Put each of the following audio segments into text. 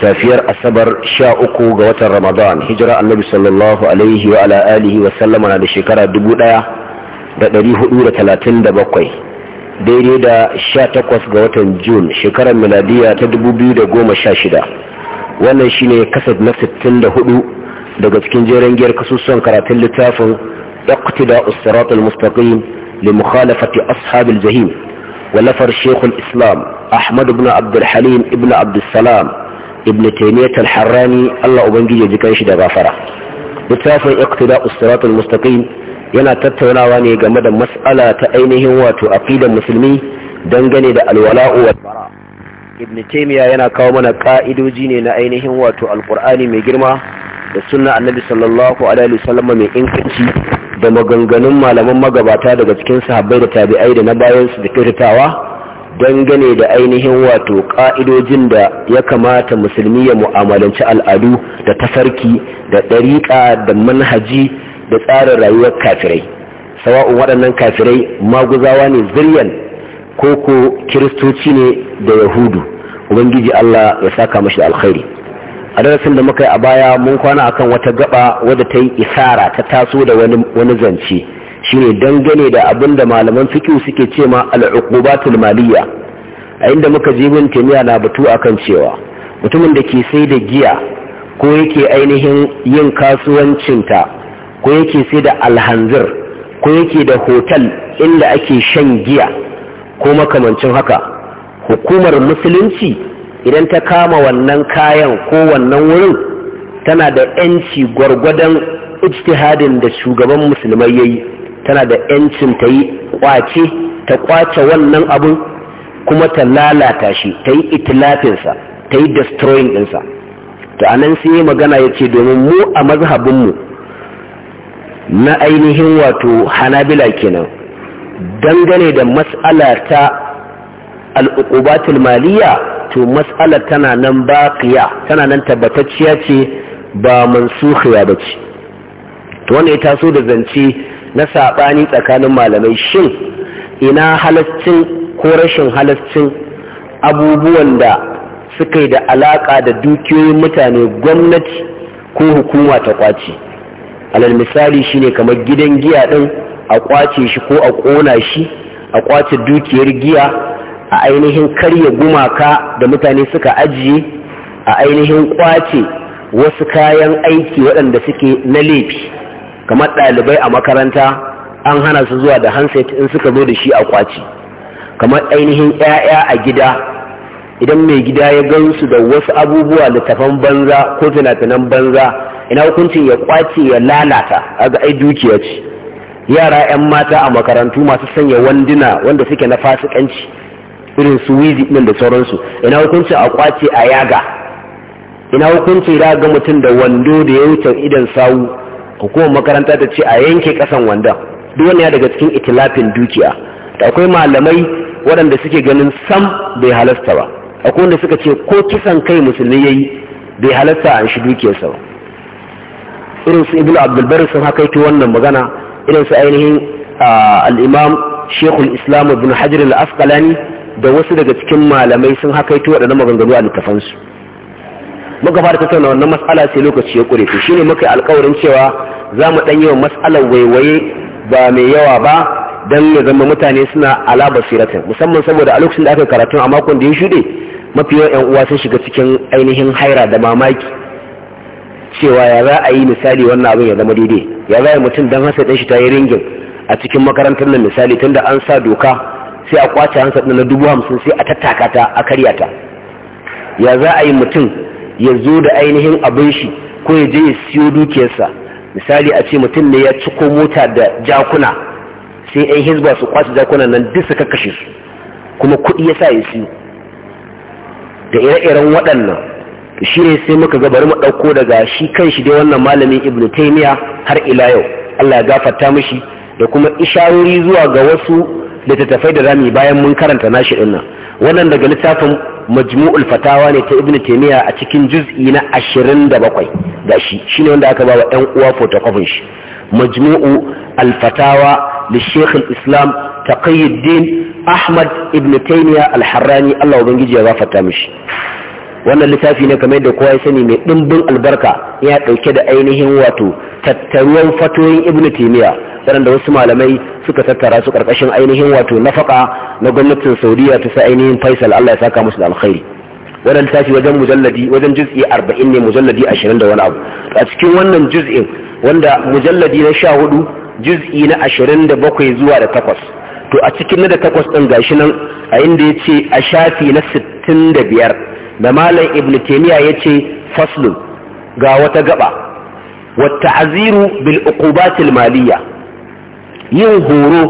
safiyar asabar sha uku ga watan ramadan hijira annabi sallallahu alaihi wa ala alihi wa sallama na da shekara dubu daya da dari hudu da talatin da bakwai daidai da sha ga watan jun shekarar miladiya ta dubu goma sha shida wannan shine kasad na sittin hudu daga cikin jeren giyar kasusuwan karatun littafin iqtida usirat al-mustaqim li mukhalafati ashabil jahim ولفر شيخ الإسلام أحمد بن halim ibn ابن عبد السلام ibn taymiyyah al-harrani Allah ubangiji ya jikan shi da gafara littafin iqtida as-sirat al-mustaqim yana tattaunawa ne game da mas'ala ta ainihin wato aqidar musulmi dangane da alwala'u wal ibn taymiyyah yana kawo mana ka'idoji ne na ainihin wato alqur'ani mai girma da sunna annabi sallallahu alaihi wasallam mai inkanci da maganganun malaman magabata daga cikin sahabbai da tabi'ai da na bayan su da kyautatawa dangane da ainihin wato ƙa'idojin da ya kamata musulmi ya mu'amalanci al'adu da tafarki da ɗariƙa da manhaji da tsarin rayuwar kafirai sawa'un waɗannan kafirai maguzawa ne ziryan ko ko kiristoci ne da yahudu ubangiji allah ya saka mashi alkhairi a darasin da muka yi a baya mun kwana akan wata gaba wadda ta yi isara ta taso da wani zance shine dangane da abin da malaman fikihu suke ce ma al'uqubatul maliyya a inda muka je min tamiya na batu akan cewa mutumin da ke sai da giya ko yake ainihin yin kasuwancinta ko yake sai da alhanzir ko yake da hotel inda ake shan giya ko makamancin haka hukumar musulunci idan ta kama wannan kayan ko wannan wurin tana da 'yanci gwargwadon ijtihadin da shugaban musulmai ya yi tana da yancin ta yi kwace ta kwace wannan abun kuma ta lalata shi ta yi itilafinsa ta yi destroying ɗinsa to anan sai yi magana ya ce domin mu a mazhabinmu na ainihin wato hanabila kenan dangane da mas'ala ta al'ukubatul maliya to mas'alar tana nan baƙiya tana nan tabbatacciya ce ba mansukhiya ba ce to wanda ya taso da zance na saɓani tsakanin malamai shin ina halascin ko rashin halascin abubuwan da suka yi da alaƙa da dukiyoyin mutane gwamnati ko hukuma ta kwace alal misali shine kamar gidan giya ɗin a kwace shi ko a ƙona shi a kwace dukiyar giya a ainihin karya gumaka da mutane suka ajiye a ainihin kwace wasu kayan aiki waɗanda suke na laifi kamar ɗalibai a makaranta an hana su zuwa da handset in suka zo da shi a kwaci kamar ainihin 'ya'ya a gida idan mai gida ya gan su da wasu abubuwa littafan banza ko fina-finan banza ina hukuncin ya kwace ya lalata aga ai dukiya ce yara 'yan mata a makarantu masu sanya wanduna wanda suke na fasikanci irin su wizi ɗin da sauransu ina hukuncin a kwace a yaga ina hukuncin ya ga mutum da wando da ya wuce idan sawu hukumar makaranta ta ce a yanke kasan wanda duk wani ya daga cikin itilafin dukiya da akwai malamai waɗanda suke ganin sam bai halasta ba akwai wanda suka ce ko kisan kai musulmi yayi bai halasta a shi dukiyarsa ba irin su ibnu abdulbar sun hakaito wannan magana irin su ainihin al-imam shekul islam ibn hajar al-asqalani da wasu daga cikin malamai sun hakaito waɗannan maganganu a littafansu muka fara tattauna wannan mas'ala sai lokaci ya kure to shine muka yi alƙawarin cewa za mu ɗan yi wa mas'alar waiwaye ba mai yawa ba don ya zama mutane suna alaba siratin musamman saboda a lokacin da aka karatu a makon da ya shuɗe mafi yawan 'yan uwa sun shiga cikin ainihin haira da mamaki cewa ya za a yi misali wannan abin ya zama daidai ya za a yi mutum don hasa ɗan shi ta yi ringin a cikin makarantar nan misali tunda an sa doka sai a kwace hansa na dubu hamsin sai a tattaka ta a karya ta ya za a yi mutum ya zo da ainihin abin shi ko ya je ya siyo dukiyarsa misali a ce mutum ne ya ciko mota da jakuna sai yan hisba su kwace jakunan nan duk su kakashe su kuma kuɗi ya sa ya siyo da ire-iren waɗannan shi ne sai muka ga bari mu ɗauko daga shi kan shi dai wannan malamin ibn taymiya har ila yau allah ya gafarta mishi da kuma isharori zuwa ga wasu littattafai da rami bayan mun karanta nashi ɗin nan wannan daga littafin majmu'ul fatawa ne ta ibnu taymiya a cikin juz'i na 27 gashi shine wanda aka bawa ɗan uwa photocopy shi majmu'u al-fatawa li shaykh al-islam taqiyuddin ahmad ibnu taymiya al-harrani Allah ubangiji ya gafarta mishi wannan littafi ne kamar yadda kowa ya sani mai dimbin albarka ya ɗauke da ainihin wato tattaruwan fatoyin ibnu taymiya waɗanda wasu malamai suka tattara su karkashin ainihin wato nafaka na gwamnatin saudiya ta sa ainihin faisal Allah ya saka musu da alkhairi wannan littafi wajen mujalladi wajen juz'i arba'in ne mujalladi ashirin da wani abu a cikin wannan juz'in wanda mujalladi na sha hudu juz'i na ashirin da bakwai zuwa da takwas to a cikin na da takwas ɗin gashi nan a inda ya ce a shafi na sittin da biyar. da malam ibn taymiya yace faslun ga wata gaba wa ta'ziru bil uqubat al maliya yin horo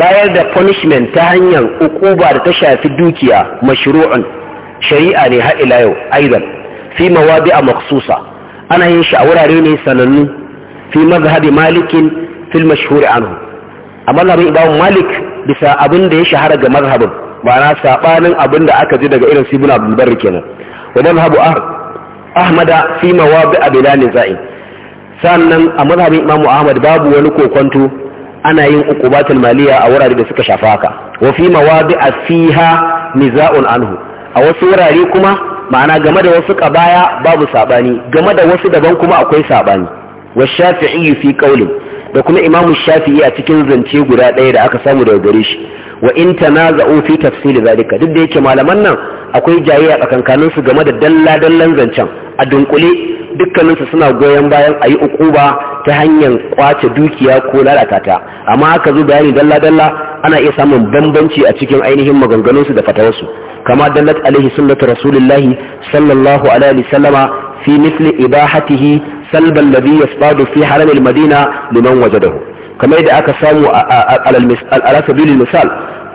bayar da punishment ta hanyar ukuba da ta shafi dukiya mashru'un shari'a ne har ila yau aidan fi mawadi'a maksusa ana yin shi a wurare ne sanannu fi mazhabi malikin fil mashhur anhu amma na malik bisa abin da ya shahara ga mazhabin ma'ana sabanin abin da aka ji daga irin su ibn abdul barri kenan wa Habu ahmada fi a bila za'i. sannan a mazhabin imamu ahmad babu wani kokonto ana yin uqubatul maliya a wurare da suka shafa haka wa fi a fiha niza'un anhu a wasu wurare kuma ma'ana game da wasu kabaya babu sabani game da wasu daban kuma akwai sabani wa shafi'i fi qawli da kuma imamu shafi'i a cikin zance guda ɗaya da aka samu daga gare shi wa in tanaza'u fi tafsili zalika duk da yake malaman nan akwai jayayya tsakankanin su game da dalla dallan zancen a dunkule dukkanin su suna goyon bayan ayi ukuba ta hanyar kwace dukiya ko lalata ta amma aka zo bayani dalla dalla ana iya samun bambanci a cikin ainihin maganganun su da fatawar su kama dallat alaihi sunnatu rasulillahi sallallahu alaihi wasallama fi mithli ibahatihi salban ladhi yasbadu fi haram al-madina liman wajadahu kamar yadda aka samu ala sabilil misal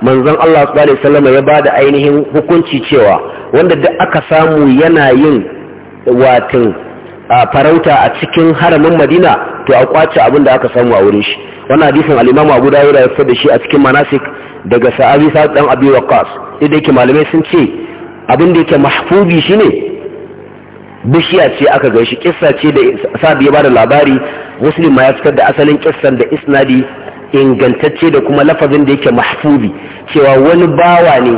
manzon Allah sallallahu alaihi ya ba da ainihin hukunci cewa wanda duk aka samu yana yin watin farauta a cikin haramin Madina to a kwace abin da aka samu a wurin shi wannan hadisin al-Imam Abu Dawud ya da shi a cikin manasik daga sahabi sa dan Abi Waqqas idan yake malamai sun ce abin da yake mahfubi shine bishiya ce aka gan shi kissa ce da sabi ya bada labari muslim ma ya fitar da asalin kissan da isnadi ingantacce da kuma lafazin da yake mahfubi cewa wani bawa ne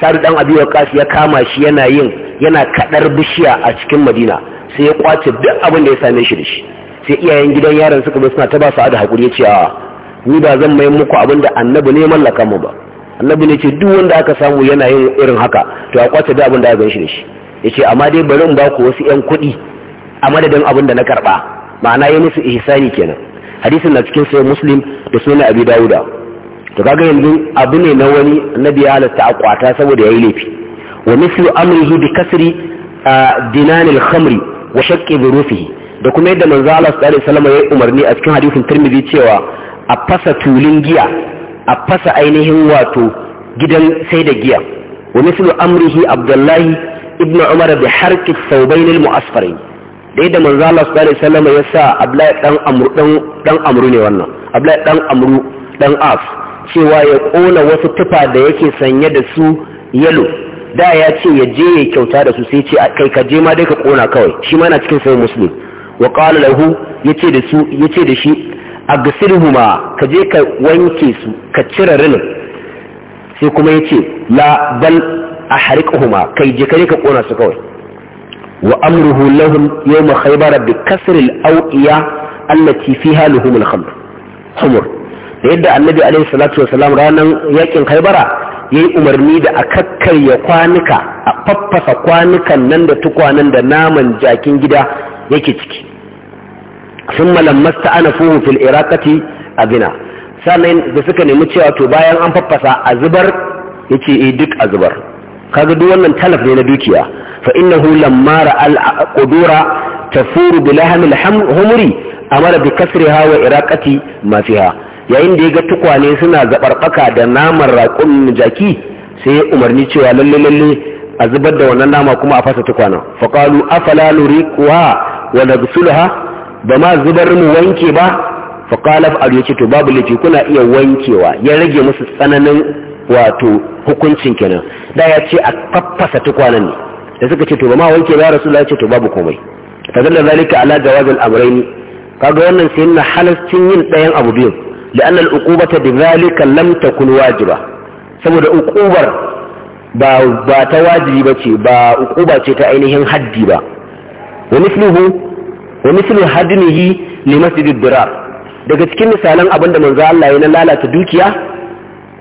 sadu dan abi waqas ya kama shi yana yin yana kadar bishiya a cikin madina sai ya kwace duk abin da ya same shi da shi sai iyayen gidan yaron suka bi suna ta ba su da hakuri ya ce a ni ba zan mai muku abin da annabi ne mallaka mu ba annabi ne ce duk wanda aka samu yana yin irin haka to a kwace duk abin da ya gan shi da shi ce amma dai bari in ba ku wasu yan kuɗi a madadin abin da na karɓa ma'ana yi musu ihsani kenan hadisin na cikin sai muslim da suna abi dawuda to kaga yanzu abu ne na wani annabi ya halatta a kwata saboda ya yi laifi wa mislu amrihi bi kasri dinan al-khamri wa shaqqi dhurufihi da kuma yadda manzo Allah sallallahu alaihi wasallam ya umarni a cikin hadisin Tirmidhi cewa a fasa tulin giya a fasa ainihin wato gidan sai da giya wa mislu amrihi abdullahi ibnu umar bi harki thawbayn al mu'asfarin dai da manzo Allah sallallahu alaihi wasallam ya sa Abdullahi dan amru dan dan amru ne wannan Abdullahi dan amru dan af cewa ya kona wasu tufa da yake sanye da su yalo da ya ce ya je ya kyauta da su sai ce kai ka je ma dai ka kona kawai shi ma na cikin sai muslim wa qala lahu yace da su yace da shi agsilhuma ka je ka wanke su ka cire rinin sai kuma yace la bal a harikuhuma kai je kare ka kona su kawai wa amruhu lahum yawma khaybar bi kasr al awiya allati fiha lahum al khamr humur da yadda annabi alaihi salatu wasalam ranan yakin khaybara yayi umarni da a kakkarya kwanuka a faffasa kwanukan nan da tukwanan da naman jakin gida yake ciki thumma lamma sta'anafuhu fil iraqati abina sannan da suka nemi cewa to bayan an faffasa a zubar yace eh duk a zubar kaga duk wannan talaf ne na dukiya fa innahu lamma ra'al qudura tafuru bi lahmil humri amara bi kasriha wa iraqati ma fiha yayin da yaga tukwane suna zabarbaka da naman raƙun jaki sai umarni cewa lalle lalle a zubar da wannan nama kuma a fasa tukwana fa qalu afala nuriquha wa naghsulha ba ma zubar mu wanke ba fa qala fa to babu laifi kuna iya wankewa ya rage musu tsananin wato hukuncin kenan da ya ce a faffasa tukwanan ne da suka ce to ba ma wanke ba rasulullah ya ce to babu komai zalla zalika ala jawaz al-amrayn kaga wannan sai na halarcin yin ɗayan abu biyun anna al-uqubata bi zalika lam takun wajiba saboda uqubar ba ba ta wajibi bace ba uquba ce ta ainihin haddi ba wa mithluhu wa mithlu hadnihi li masjidid dirar daga cikin misalan abinda manzo Allah ya lalata dukiya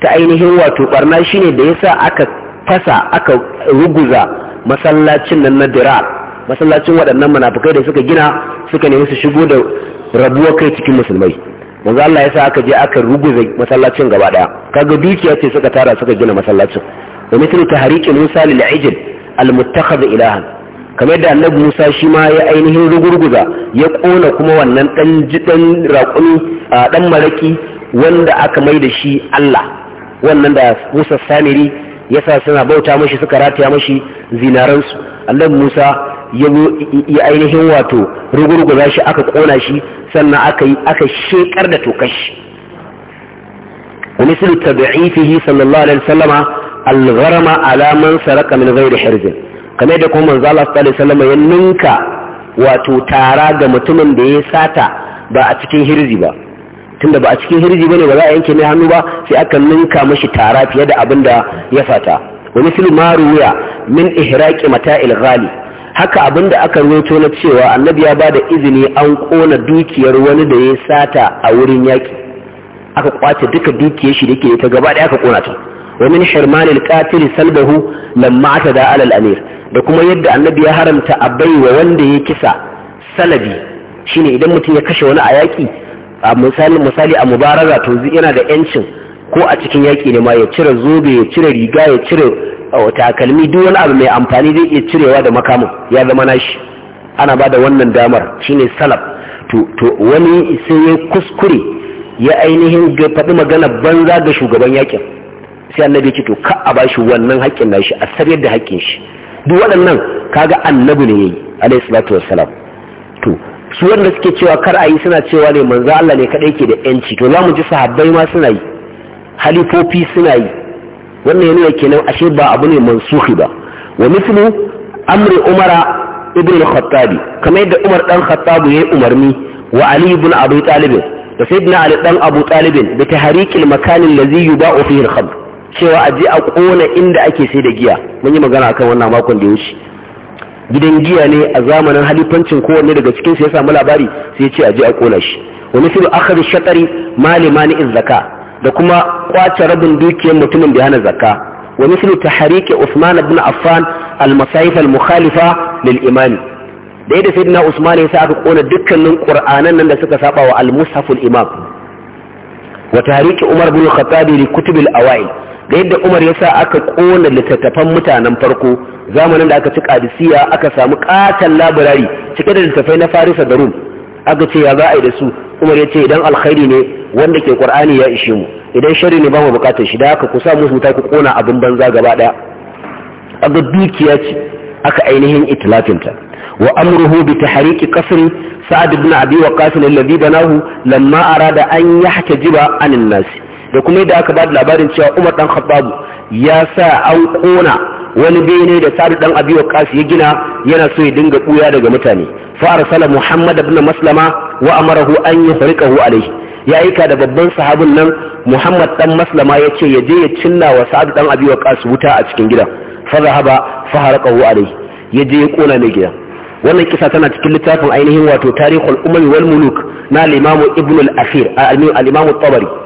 ta ainihin wato barna shine da yasa aka fasa aka ruguza masallacin nan na dirar masallacin waɗannan munafukai da suka gina suka nemi su shigo da rabuwa kai cikin musulmai manzo Allah yasa aka je aka ruguza masallacin gaba daya kaga dukiya ce suka tara suka gina masallacin wa mithlu tahriqi Musa lil ijl al muttakhadh ilahan kamar da annabi Musa shi ma ya ainihin rugurguza ya kona kuma wannan dan jidan raƙumi dan maraki wanda aka mai da shi Allah wannan da musa samiri ya sa suna bauta mashi suka rataya mashi zinaransu allah musa ya ainihin wato rugurguza shi aka kona shi sannan aka yi aka shekar da tokashi ومثل تبعيته صلى الله عليه وسلم الغرم على من سرق من غير حرز كما يدكم من ذا الله صلى الله عليه وسلم يننك وتتارى ga mutumin da ya sata ba a cikin hirzi ba tunda ba a cikin hirji bane ba za a yanke mai hannu ba sai aka ninka mashi tara fiye da abin da ya fata wa mislu ma ruya min ihraqi mata'il ghali haka abin da aka rawaito na cewa annabi ya bada izini an kona dukiyar wani da ya sata a wurin yaki aka kwace duka dukiyar shi dake ta gaba da aka kona ta wa min hirmanil qatil salbahu lamma atada ala al-amir da kuma yadda annabi ya haramta a baiwa wanda ya kisa salabi shine idan mutum ya kashe wani a yaki a misali misali a mubaraza to zai yana da yancin ko a cikin yaƙi ne ma ya cire zobe ya cire riga ya cire takalmi duk wani abu mai amfani zai iya cirewa da makamin ya zama nashi ana ba da wannan damar shine salaf to wani sai ya kuskure ya ainihin faɗi magana banza ga shugaban yaƙin sai annabi ce to ka a bashi wannan haƙƙin nashi a sarayar da haƙƙin shi duk waɗannan kaga annabi ne yayi alayhi salatu wassalam su wanda suke cewa kar a yi suna cewa ne manzo Allah ne kadai ke da yanci to za mu ji sahabbai ma suna yi halifofi suna yi wannan yana kenan ashe ba abu ne mansuhi ba wa mithlu amri umara ibn al-khattab kamar yadda umar dan khattab yi umarni wa ali ibn abi talib da sayyidina ali dan abu talib da tahriqil makan allazi yuba'u fihi al-khamr cewa aje a kona inda ake sai da giya mun yi magana akan wannan makon da ya wuce gidan giya ne a zamanin halifancin kowanne daga cikin su ya samu labari sai ce a je a kona shi wa mithlu akhadhi shatari malama na zaka da kuma kwace rabin dukiyar mutumin da hana zakka wa mithlu tahriq Usman ibn Affan al-masayif al-mukhalifa lil imam da yadda sayyidina Usman ya sa aka kona dukkanin Qur'anan nan da suka saba wa al-mushaf al-imam wa tahriki Umar ibn Khattab li kutub al-awail da yadda umar ya sa aka ƙona littattafan mutanen farko zamanin da aka ci kadisiya aka samu katan laburari cike da littattafai na farisa da rum aka ce ya za a yi da su umar ya ce idan alkhairi ne wanda ke ƙur'ani ya ishe mu idan shari ne ba mu buƙatar shi da aka kusa sa musu ta ku kona abin banza gaba ɗaya aga dukiya ce aka ainihin itilafinta wa amruhu bi tahriki qasri sa'ad ibn abi waqas alladhi banahu lamma arada an yahtajiba anin nasi da kuma yadda aka ba da labarin cewa umar dan khattabu ya sa an kona wani bene da sadu dan abi waqas ya gina yana so ya dinga buya daga mutane fa arsala muhammad ibn maslama wa amarahu an yuhriqahu alayhi ya aika da babban sahabin nan muhammad dan maslama ya ce ya je ya cinna wa sadu dan abi waqas wuta a cikin gidan fa zahaba fa harqahu alayhi ya je ya kona mai gidan wannan kisa tana cikin littafin ainihin wato tarihul ummi wal muluk na al-imam ibn al-afir al-imam at-tabari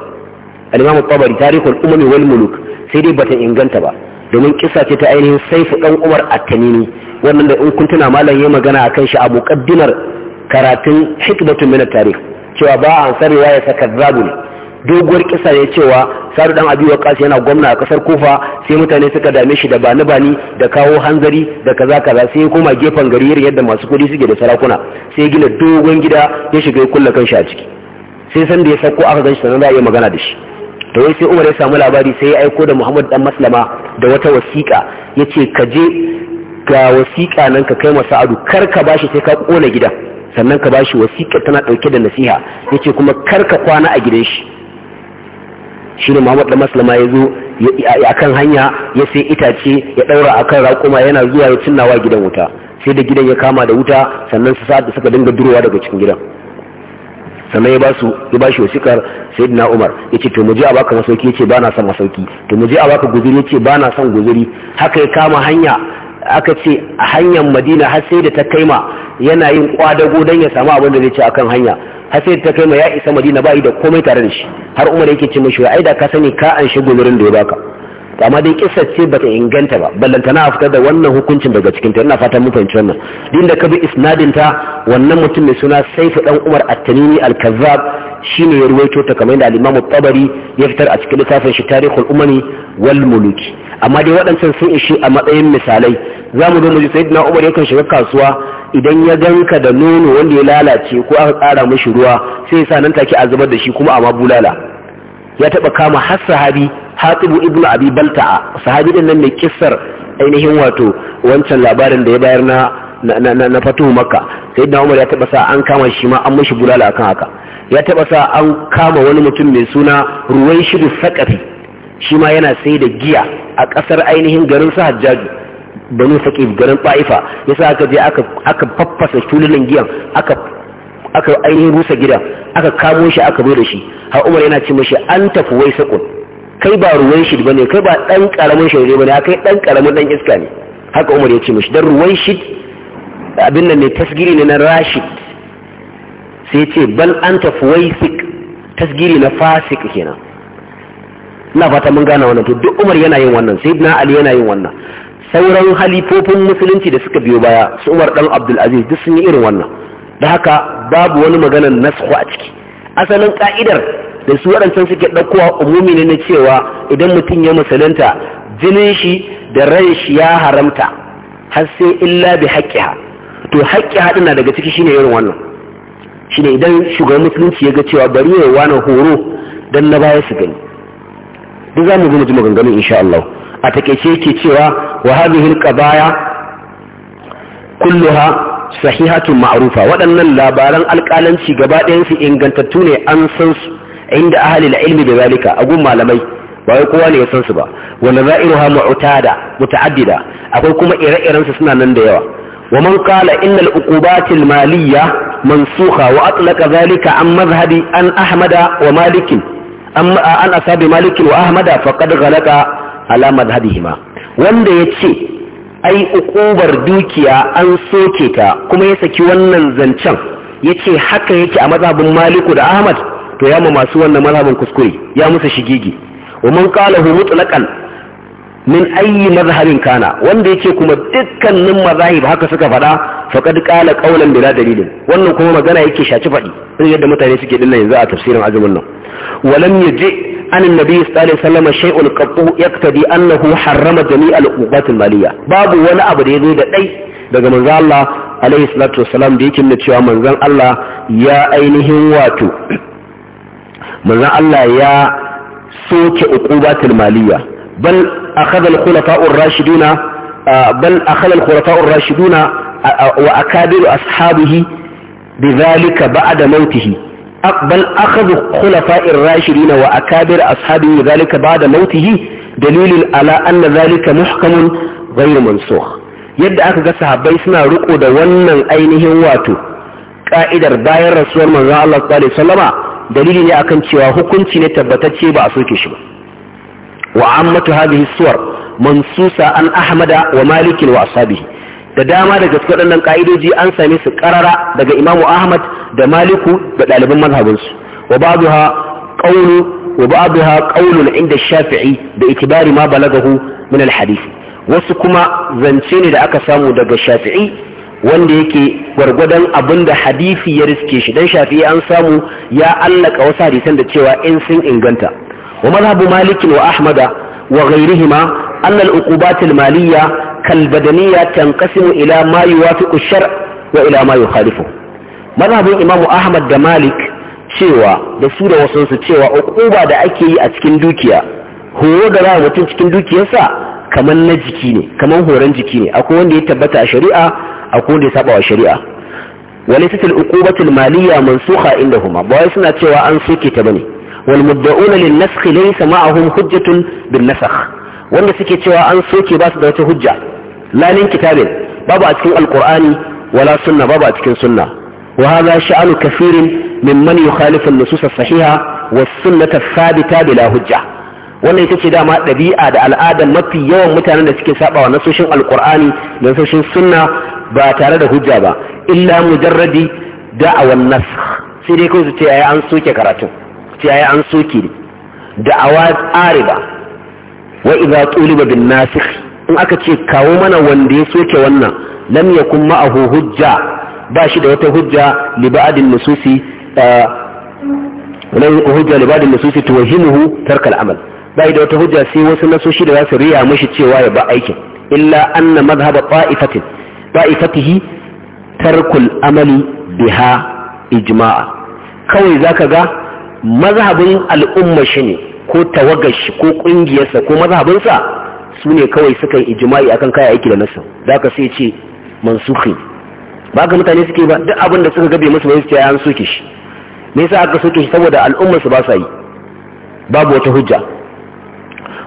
al-imam tabari tarihul umami wal muluk sai dai bata inganta ba domin kisa ce ta ainihin saifu dan umar at-tanini wannan da in kun tuna malam ya magana akan shi a muqaddimar karatun hikmatun min at-tarikh cewa ba an san riwaya sa kazzabu ne doguwar kisa ne cewa sadu dan abi waqas yana gwamna a kasar kufa sai mutane suka dame shi da bani bani da kawo hanzari da kaza kaza sai ya koma gefen gari yadda masu kudi suke da sarakuna sai gina dogon gida ya shiga ya kulla kanshi a ciki sai san da ya sako aka ganshi sanan za a yi magana da shi da wai sai umar ya samu labari sai ya aiko da muhammad dan maslama da wata wasiƙa ya ce ka je ga wasiƙa nan ka kai masa adu kar ka bashi sai ka ƙona gidan sannan ka bashi wasiƙa tana ɗauke da nasiha ya ce kuma kar ka kwana a gidan shi shi ne muhammad dan maslama ya zo a kan hanya ya sai itace ya ɗaura a kan raƙuma yana zuwa ya cinnawa gidan wuta sai da gidan ya kama da wuta sannan su sa da suka dinga durowa daga cikin gidan sannan ya ba su ya ba shi wasikar sayyidina Umar yace to mu je a baka masauki yace ba na son masauki to mu je a baka guzuri yace ba na son guzuri haka ya kama hanya aka ce a hanyar Madina har sai da ta kaima yana yin kwadago dan ya samu abin da zai ci akan hanya har sai da ta kaima ya isa Madina ba yi da komai tare da shi har Umar yake ce mishi ai da ka sani ka an shi guzurin da ya baka amma dai kisa ce bata inganta ba ballantana a fitar da wannan hukuncin daga cikin ta yana fatan mun fahimci wannan din da kabi isnadin ta wannan mutum mai suna Saifu dan Umar At-Tanimi Al-Kazzab shine ya ruwaito ta kamar da al-Imam tabari ya fitar a cikin littafin shi Tarikhul umani wal Muluki amma dai waɗancan sun ishi a matsayin misalai za mu zo mu ji Sayyidina Umar yakan shiga kasuwa idan ya ganka da nono wanda ya lalace ko aka ƙara mishi ruwa sai ya sa nan take a zubar da shi kuma a bulala ya taɓa kama har sahabi hatibu ibnu abi balta'a sahabi din nan mai kissar ainihin wato wancan labarin da ya bayar na na fatuhu makka sai da umar ya taba sa an kama shi ma an mashi bulala akan haka ya taba sa an kama wani mutum mai suna ruwan shidu sakafi shi ma yana sai da giya a kasar ainihin garin sa hajjaju banu saki garin ba'ifa yasa aka je aka aka faffasa tulunan giyan aka aka ainihin rusa gidan aka kamo shi aka bai da shi har umar yana ce mashi an tafi wai sakun kai ba ruwan shi bane kai ba dan karamin shaure bane kai dan karamin dan iska ne haka Umar ya ce mishi dan ruwan shid abin nan ne tasgiri ne na Rashid sai ce bal anta fuwaisik tasgiri na fasik kenan ina fata mun gane wannan to duk Umar yana yin wannan sayyidina Ali yana yin wannan sauran halifofin musulunci da suka biyo baya su Umar dan Abdul Aziz duk sun yi irin wannan da haka babu wani maganar nasku a ciki asalin ka'idar da su waɗancan suke ɗaukowa umumi ne na cewa idan mutum ya musulunta jinin shi da ran shi ya haramta har sai illa bi ha to haƙƙi ha ɗina daga ciki shine irin wannan shine idan shugaban musulunci ya ga cewa bari ya wani horo don na baya su gani duk za mu zama ji maganganun insha Allah a taƙaice ke cewa wa hilƙa baya kulluha sahihatun ma'rufa waɗannan labaran alƙalanci gaba ɗayan su ingantattu ne an san su inda ahalin ilmi da zalika a gun malamai ba wai kowa ne ya san su ba wa nazairuha mu'tada muta'addida akwai kuma ire-iren su suna nan da yawa wa man qala innal uqubat maliyya mansukha wa atlaqa zalika an mazhabi an ahmada wa malik amma an asabi malik wa ahmada faqad ghalaqa ala madhhabihima wanda yace ai uqubar dukiya an soke ta kuma ya saki wannan zancen yace haka yake a mazhabin maliku da ahmad to ya ma masu wannan mazhabin kuskure ya musu shigigi wa man qalahu mutlaqan min ayi mazhabin kana wanda yake kuma dukkanin mazahib haka suka faɗa faqad qala qawlan bila dalilin wannan kuma magana yake shaci faɗi irin yadda mutane suke dinna yanzu a tafsirin azumin nan walam yaji an annabi sallallahu alaihi wasallam shay'un qattu yaqtadi annahu harrama jami' al-uqubat al Maliya. babu wani abu da yazo da dai daga manzo Allah alaihi salatu wasalam da yake nuna cewa manzon Allah ya ainihin wato manzon Allah ya soke uqubatul maliya bal akhadha al-khulafa ar-rashiduna bal akhadha al-khulafa ar-rashiduna wa akabiru ashabihi bidhalika ba'da mautihi akhadha khulafa ar-rashiduna wa akabiru ashabihi bidhalika ba'da mautihi ala anna zalika muhkamun ghayr mansukh yadda aka ga sahabbai suna riko da wannan ainihin wato ka'idar bayan rasuwar manzon Allah sallallahu alaihi wasallama dalili ne akan cewa hukunci ne tabbatacce ba a soke shi ba wa ammatu hadhihi suwar mansusa an ahmada wa malik wa ashabihi da dama daga cikin waɗannan ka'idoji an same su karara daga imamu ahmad da maliku da ɗaliban mazhabinsu wa ba'daha qawlu wa ba'daha inda shafi'i da itibari ma balagahu min al-hadith wasu kuma zance ne da aka samu daga shafi'i wanda yake gwargwadon abin da hadisi ya riske shi dan shafi'i an samu ya allaka wasu hadisan da cewa in sun inganta wa mazhabu malikin wa ahmada wa ghayrihima an al-uqubat al-maliyya kal badaniyya tanqasimu ila ma yuwafiqu shar wa ila ma yukhalifu mazhabin imamu ahmad da malik cewa da su da wasu su cewa uquba da ake yi a cikin dukiya horo da za mutum cikin dukiyarsa kamar na jiki ne kamar horon jiki ne akwai wanda ya tabbata a shari'a a wanda ya saba wa shari'a wani sitin maliyya maliya mansuha inda huma ba suna cewa an soke ta bane wal mudda'una lin nasakh laysa ma'ahum hujjatun bin nasakh wanda suke cewa an soke basu da wata hujja la kitabin babu a cikin alkur'ani wala sunna babu a cikin sunna wa hadha sha'nu kathirin mimman yukhalifu an-nusus as-sahiha was-sunnah as-thabita bila hujja. wannan ita ce dama ɗabi'a da al'ada mafi yawan mutanen da suke sabawa nasoshin alkur'ani da nasoshin sunna ba tare da hujja ba illa mujarradi da'awan nasakh sai dai kawai su ce ayi an soke karatu ce ayi an soke ne da'awa ariba wa idza tuliba bin nasikh in aka ce kawo mana wanda ya soke wannan lam yakun ma'ahu hujja ba shi da wata hujja li ba'din nususi eh, hujja li ba'din nususi tuwahimuhu tarkal amal bai da wata hujja sai wasu nasoshi da za su riya mashi cewa ya ba aikin illa anna mazhaba ta'ifatin ta'ifatihi tarkul amali biha ijma'a kawai zaka ga mazhabin al'umma shi ne ko tawagar ko kungiyarsa ko mazhabinsa su ne kawai suka yi ijma'i akan kaya aiki da nasu zaka sai ce mansukhi ba ga mutane suke ba duk abin da suka gabe musu bai su ce an soke shi me yasa aka soke shi saboda al'umma su ba sa yi babu wata hujja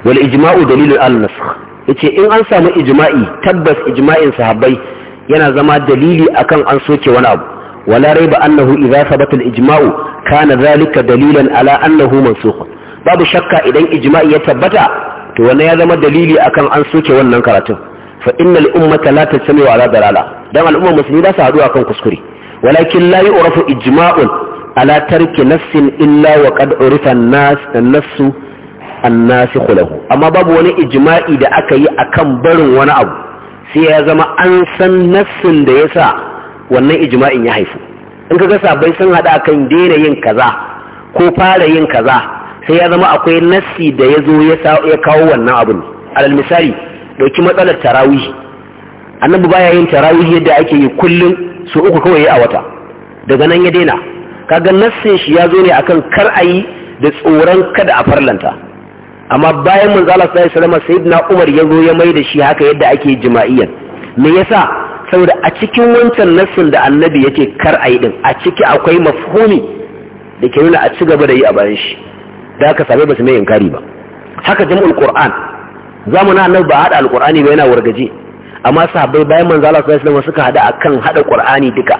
wal ijma'u dalilul al-nasakh yace in an samu ijma'i tabbas ijma'in sahabbai yana zama dalili akan an soke wani abu wala raiba annahu idza thabata al-ijma'u kana dhalika dalilan ala annahu mansukhun babu shakka idan ijma'i ya tabbata to wannan ya zama dalili akan an soke wannan karatun fa innal ummata la tajtami'u ala dalala dan al'umma musulmi za su haɗu akan kuskure walakin la yu'rafu ijma'un ala tarki nafsin illa wa qad urifa an-nas an-nafsu annasikh lahu amma babu wani ijma'i da aka yi akan barin wani abu sai ya zama an san nassin da yasa wannan ijma'in ya haifu in ka ga sabai sun hada kan daina yin kaza ko fara yin kaza sai ya zama akwai nassi da ya zo ya kawo wannan abun alal misali dauki matsalar tarawih annabi baya yin tarawih yadda ake yi kullum su uku kawai a wata daga nan ya daina kaga nassin shi ya zo ne akan kar a yi da tsoron kada a farlanta amma bayan manzala sai alaihi salama, sayyidina Umar ya zo ya mai da shi haka yadda ake jima'iyan me yasa saboda a cikin wancan nassin da annabi yake kar ayi din a ciki akwai mafhumi da ke nuna a ci gaba da yi a bayan shi da haka sabai ba su mai inkari ba haka jam'ul qur'an zamanin annabi ba hada alqur'ani ba yana wargaje amma sahabbai bayan manzala sallallahu alaihi wasallam suka hada akan hada qur'ani duka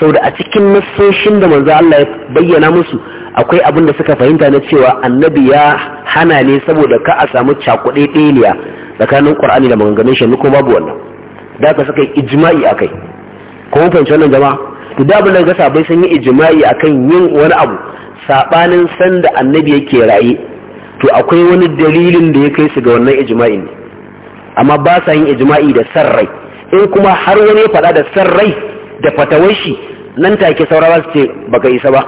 saboda a cikin nassoshin da manzo Allah ya bayyana musu akwai abin da suka fahimta na cewa annabi ya hana ne saboda ka a samu cakuɗe ɗeliya tsakanin ƙur'ani da maganganun shi ko babu wannan da ka suka yi ijma'i akai ko mun fahimci wannan jama'a to da abin da ga sabai sun yi ijma'i akan yin wani abu sabanin san da annabi yake raye to akwai wani dalilin da ya kai su ga wannan ijma'in ne amma ba sa yin ijma'i da sarrai, in kuma har wani ya faɗa da sarrai? rai da fatawar shi nan take saura su ce baka isa ba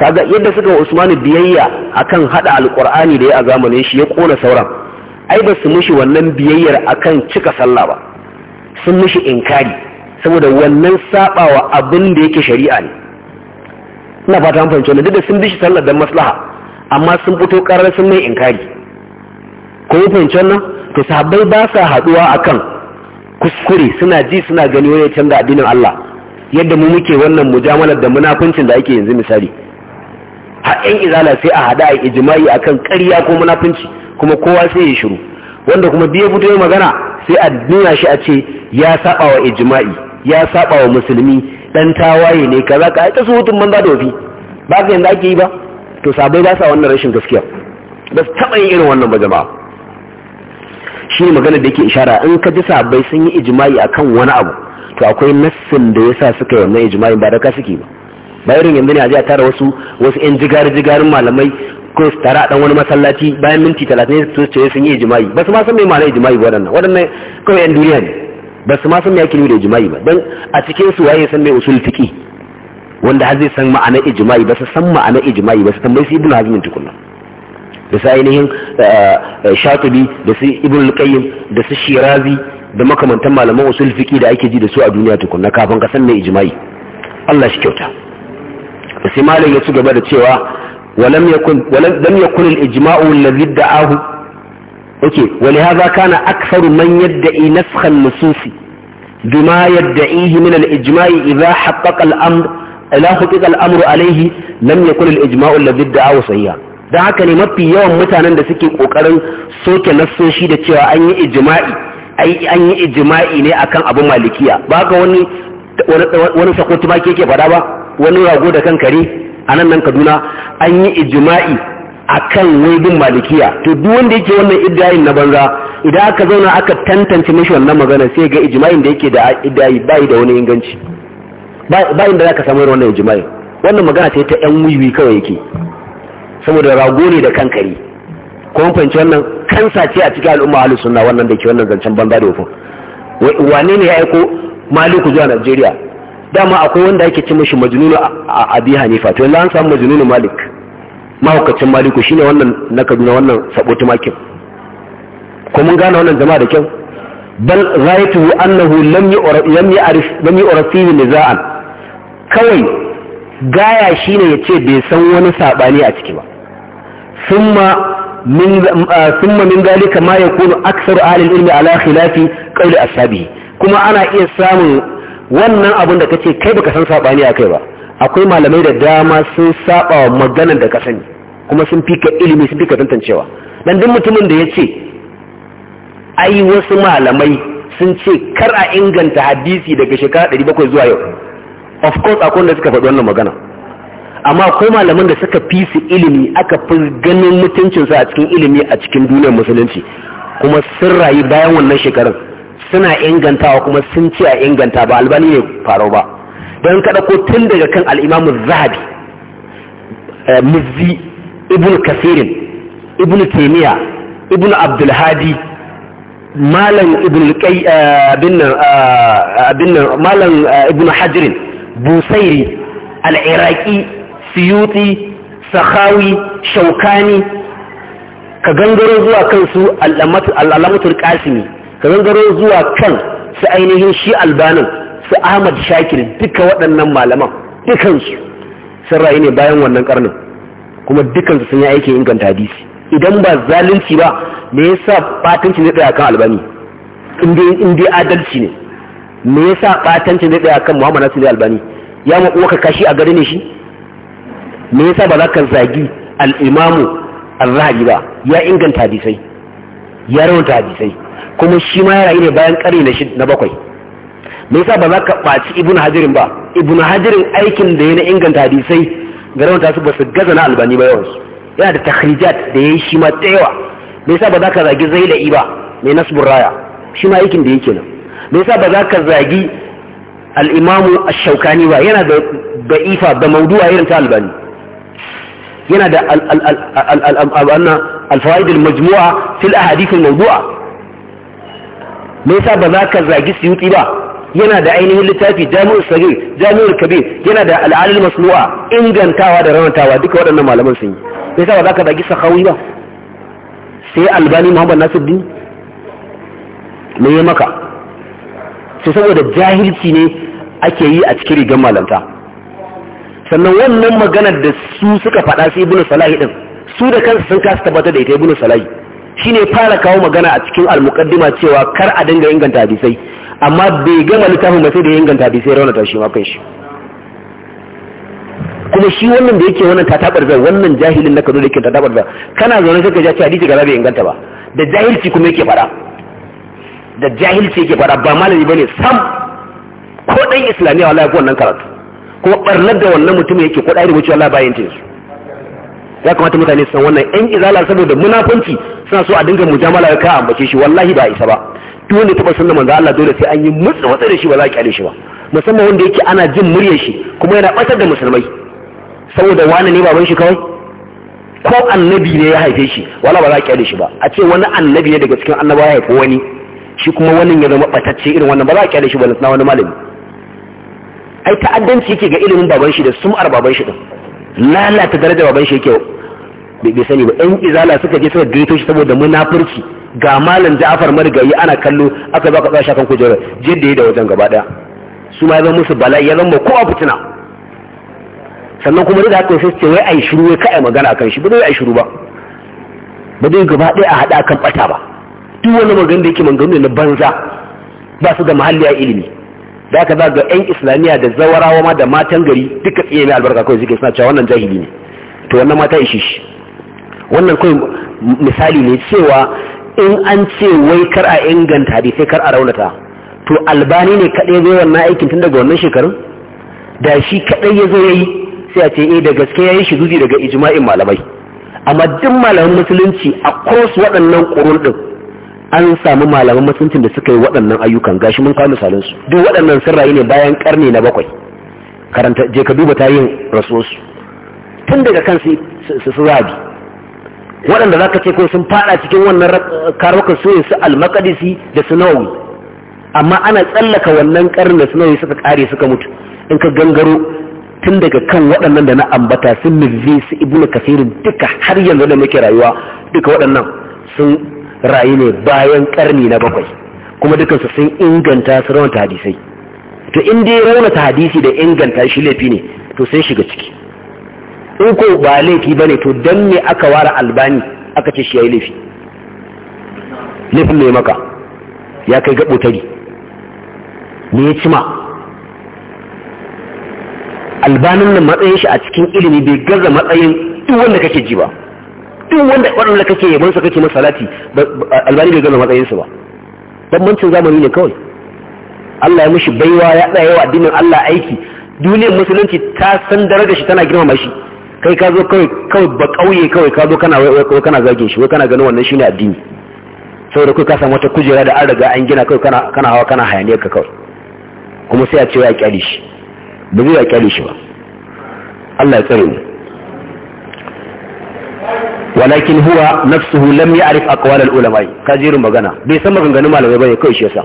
kaga yadda suka Usmanu biyayya akan hada alqur'ani da ya a zamanin shi ya kona sauran ai ba su mushi wannan biyayyar akan cika sallah ba sun mushi inkari saboda wannan sabawa abin da yake shari'a ne ina fata an fahimci duk da sun bi shi sallar dan maslaha amma sun fito karar sun mai inkari ko yi fahimci wannan to sahabbai ba sa haduwa akan kuskure suna ji suna gani wani canza addinin Allah yadda mu muke wannan mujamalar da munafincin da ake yanzu misali a ɗan izala sai a haɗa a ijimai kan ƙarya ko munafinci kuma kowa sai ya shiru wanda kuma biya fito magana sai a nuna shi a ce ya saba wa ijimai ya saba wa musulmi ɗan tawaye ne kaza ka aika su hutun man da wafi ba ka yanzu ake yi ba to sabai ba sa wannan rashin gaskiya ba su taɓa yin irin wannan ba jama'a shi ne magana da yake ishara in ka ji sabai sun yi ijima'i akan wani abu to akwai nassin da yasa suka yi wannan ijma'i ba da ka suke ba bayan yanzu ne a jiya tara wasu wasu yan jigar jigarin malamai ko su tara dan wani masallaci bayan minti 30 su ce sun yi ijma'i ba su ma san me ma'anar ijma'i waɗannan waɗannan kawai yan duniya ne ba su ma san me ake nufi da ijma'i ba dan a cikin su waye san me usul fiqi wanda har zai san ma'anar ijma'i ba su san ma'anar ijma'i ba su tambayi su ibnu hazmin tukunna da su ainihin eh, eh, shatubi da su ibnu al da su shirazi da makamantan malaman usul fiqi da ake ji da su a duniya tukun na kafin ka san mai ijma'i Allah shi kyauta sai malam ya ci gaba da cewa walam yakun walam lam yakun al-ijma'u alladhi da'ahu okay walahaza kana aktharu man yad'i nafkh an-nususi بما يدعيه من الإجماع إذا حقق الأمر إذا حقق الأمر عليه لم يكن الإجماع الذي ادعاه صحيحا da haka ne mafi yawan mutanen da suke kokarin soke nassoshi da cewa an yi ijma'i an yi ijma'i ne akan abu malikiya ba ka wani wani sakoti ma ke faɗa ba wani rago da kan a nan nan kaduna an yi ijma'i akan bin malikiya to duk wanda yake wannan iddayin na banza idan aka zauna aka tantance mishi wannan magana sai ga ijma'in da yake da iddayi bai da wani inganci bayin da zaka samu wannan ijma'i wannan magana ta ta yan wiwi kawai yake saboda rago ne da kankare ko fahimci wannan kansa ce a cikin al'umma ahlus sunna wannan da ke wannan zancen banza da wofin wane ne ya aiko maliku zuwa najeriya dama akwai wanda ake ce mashi majnunu a abi hanifa to yanzu an samu majnunu malik mahaukacin maliku shine wannan na kaduna wannan sabo tumakin ko mun gane wannan jama'a da kyau bal ra'aytuhu annahu lam yu'raf lam yu'raf niza'an kawai gaya shine yace bai san wani sabani a ciki ba summa min ah, thumma min dalika ma yakunu aktsaru ahli al-ilmi ala khilafi qawli ashabi kuma ana iya samun wannan abin da kace kai baka san sabani akai ba akwai malamai da dama sun saba wa da ka sani kuma sun fika ilimi sun fika tantancewa dan mutumin da ya ce ai wasu malamai sun ce kar a inganta hadisi daga shekara 700 zuwa yau of course akwai wanda suka faɗi wannan magana amma akwai malaman da suka fi su ilimi aka fi ganin mutuncinsu a cikin ilimi a cikin duniyar musulunci kuma sun rayu bayan wannan shekarun suna ingantawa kuma sun ce a inganta ba albani ne faro ba don kada ko tun daga kan al'imamu zahabi eh, mizzi ibn kasirin ibn taimiyya ibn abdulhadi malam ibn kai eh, eh, abin nan malam ibn hajirin busairi al'iraki siyuti sakhawi shaukani ka gangaro zuwa kan su al'amatul kasimi ka gangaro zuwa kan su ainihin shi albanin su ahmad shakir duka waɗannan malaman dukansu sun rayu ne bayan wannan karnin kuma dukansu sun yi aikin inganta hadisi idan ba zalunci ba me yasa batanci ne tsaya kan albani in dai adalci ne me yasa batanci ne tsaya kan muhammad nasir albani ya maɓuwa ka kashi a gari ne shi me yasa ba za ka zagi al'imamu al-rahabi ba ya inganta hadisai ya rawanta hadisai kuma shi ma ya rayu ne bayan ƙari na bakwai me yasa ba za ka ɓaci ibnu hajirin ba ibnu hajirin aikin da ya na inganta hadisai ga rawanta su ba su gaza na albani ba yawansu yana da takhrijat da ya yi shi ma ta yawa me yasa ba za ka zagi zaila'i ba mai nasbur raya shi ma aikin da yake nan me yasa ba za ka zagi al-imamu ash-shawkani ba yana da ba'ifa da mawdu'a irin ta albani yana da alfawaid al-majmu'a fil ahadith al-mawdu'a me ba za ka zagi suyuti ba yana da ainihin littafi jami'ul sagir jami'ul kabir yana da al'alil masnu'a ingantawa da rantawa duka waɗannan malaman sun yi me ba za ka zagi sahawi ba sai albani muhammad nasiruddin mai yi maka sai saboda jahilci ne ake yi a cikin rigar malanta sannan wannan maganar da su suka faɗa su ibn salahi din su da kansu sun kasa tabbatar da ita ibn salahi shine fara kawo magana a cikin al-muqaddima cewa kar a dinga inganta hadisai amma bai gama littafin ba sai da inganta hadisai rawana ta shi ma kan shi kuma shi wannan da yake wannan tatabar zan wannan jahilin na kano da yake tatabar zan kana zaune sai ka ji hadisi ga bai inganta ba da jahilci kuma yake fara da jahilci yake fara ba malami bane sam ko dan islamiya wallahi ko wannan karatu ko barnar da wannan mutumin yake ko ɗari wuce Allah bayan tinsu ya kamata mutane su san wannan yan izala saboda munafunci suna so a dinga mujamala ka ambace shi wallahi ba isa ba duk wanda taba sunna manzo Allah dole sai an yi mutsa watsa da shi ba za a kyale shi ba musamman wanda yake ana jin muryar shi kuma yana batar da musulmai saboda wani ne baban shi kawai ko annabi ne ya haife shi wala ba za a kyale shi ba a ce wani annabi ne daga cikin annabawa ya haifi wani shi kuma wannan ya zama batacce irin wannan ba za a kyale shi ba na wani malami ai ta'addanci yake ga ilimin baban shi da sum'ar baban shi din lalata daraja baban shi yake bai sani ba ɗan izala suka je suka gaito shi saboda munafurci ga malam ja'afar marigayi ana kallo aka baka tsaya shakan kujera jidda yi da wajen gaba daya su ma ya musu bala'i ya zama kowa fitina sannan kuma da haka sai ce wai ai shiru wai kai magana akan shi ba dai ai shiru ba ba dai gaba daya a hada kan bata ba duk wani magana da yake maganganu na banza ba su da mahalliya a ilimi da aka za ga 'yan islamiyya da zawarawa ma da matan gari duka tsaye mai albarka kawai suke suna cewa wannan jahili ne to wannan mata ishi shi wannan kawai misali ne cewa in an ce wai kar a inganta hadisai kar a raunata to albani ne kaɗai zai wannan aikin tun daga wannan shekarun da shi kaɗai ya zo ya yi sai a ce eh da gaske ya yi shi zuzi daga ijma'in malamai amma duk malamin musulunci a kurus waɗannan ƙurun ɗin an samu malaman mutuntun da suka yi waɗannan ayyukan gashi mun kawo misalin su duk waɗannan rayu ne bayan karni na bakwai karanta je ka duba tarihin rasuwarsu tun daga kan su su rabi waɗanda za ka ce ko sun fada cikin wannan karuwakan soyin su almakadisi da su nawawi amma ana tsallaka wannan karni da su nawawi suka kare suka mutu in ka gangaro tun daga kan waɗannan da na ambata sun nufi su ibnu kasirin duka har yanzu da muke rayuwa duka waɗannan sun ra'ayi ne bayan karni na bakwai kuma dukansu sun inganta su raunta hadisai to in dai raunata hadisi da inganta shi laifi ne to sai shiga ciki in ko ba laifi bane to dan me aka ware albani aka ce shi yayi laifi laifin ne maka ya kai gabo tari me ya cima albanin nan matsayin shi a cikin ilimi bai gaza matsayin duk wanda kake ji ba duk wanda waɗanda kake yaban sa kake salati albani bai gano matsayin su ba bambancin zamani ne kawai Allah ya mushi baiwa ya tsaya wa addinin Allah aiki duniyar musulunci ta san darajar shi tana girmama shi kai ka zo kawai kawai ba kauye kawai ka zo kana wai kana zage shi wai kana ganin wannan shine addini saboda kai ka samu wata kujera da an riga an gina kawai kana kana hawa kana hayaniyar ka kawai kuma sai a ce ya kyale shi ba zai ya kyale shi ba Allah ya tsare mu walakin huwa nafsuhu lam ya'rif aqwal al-ulama kajirin magana bai san maganganun malamai bane kai shi yasa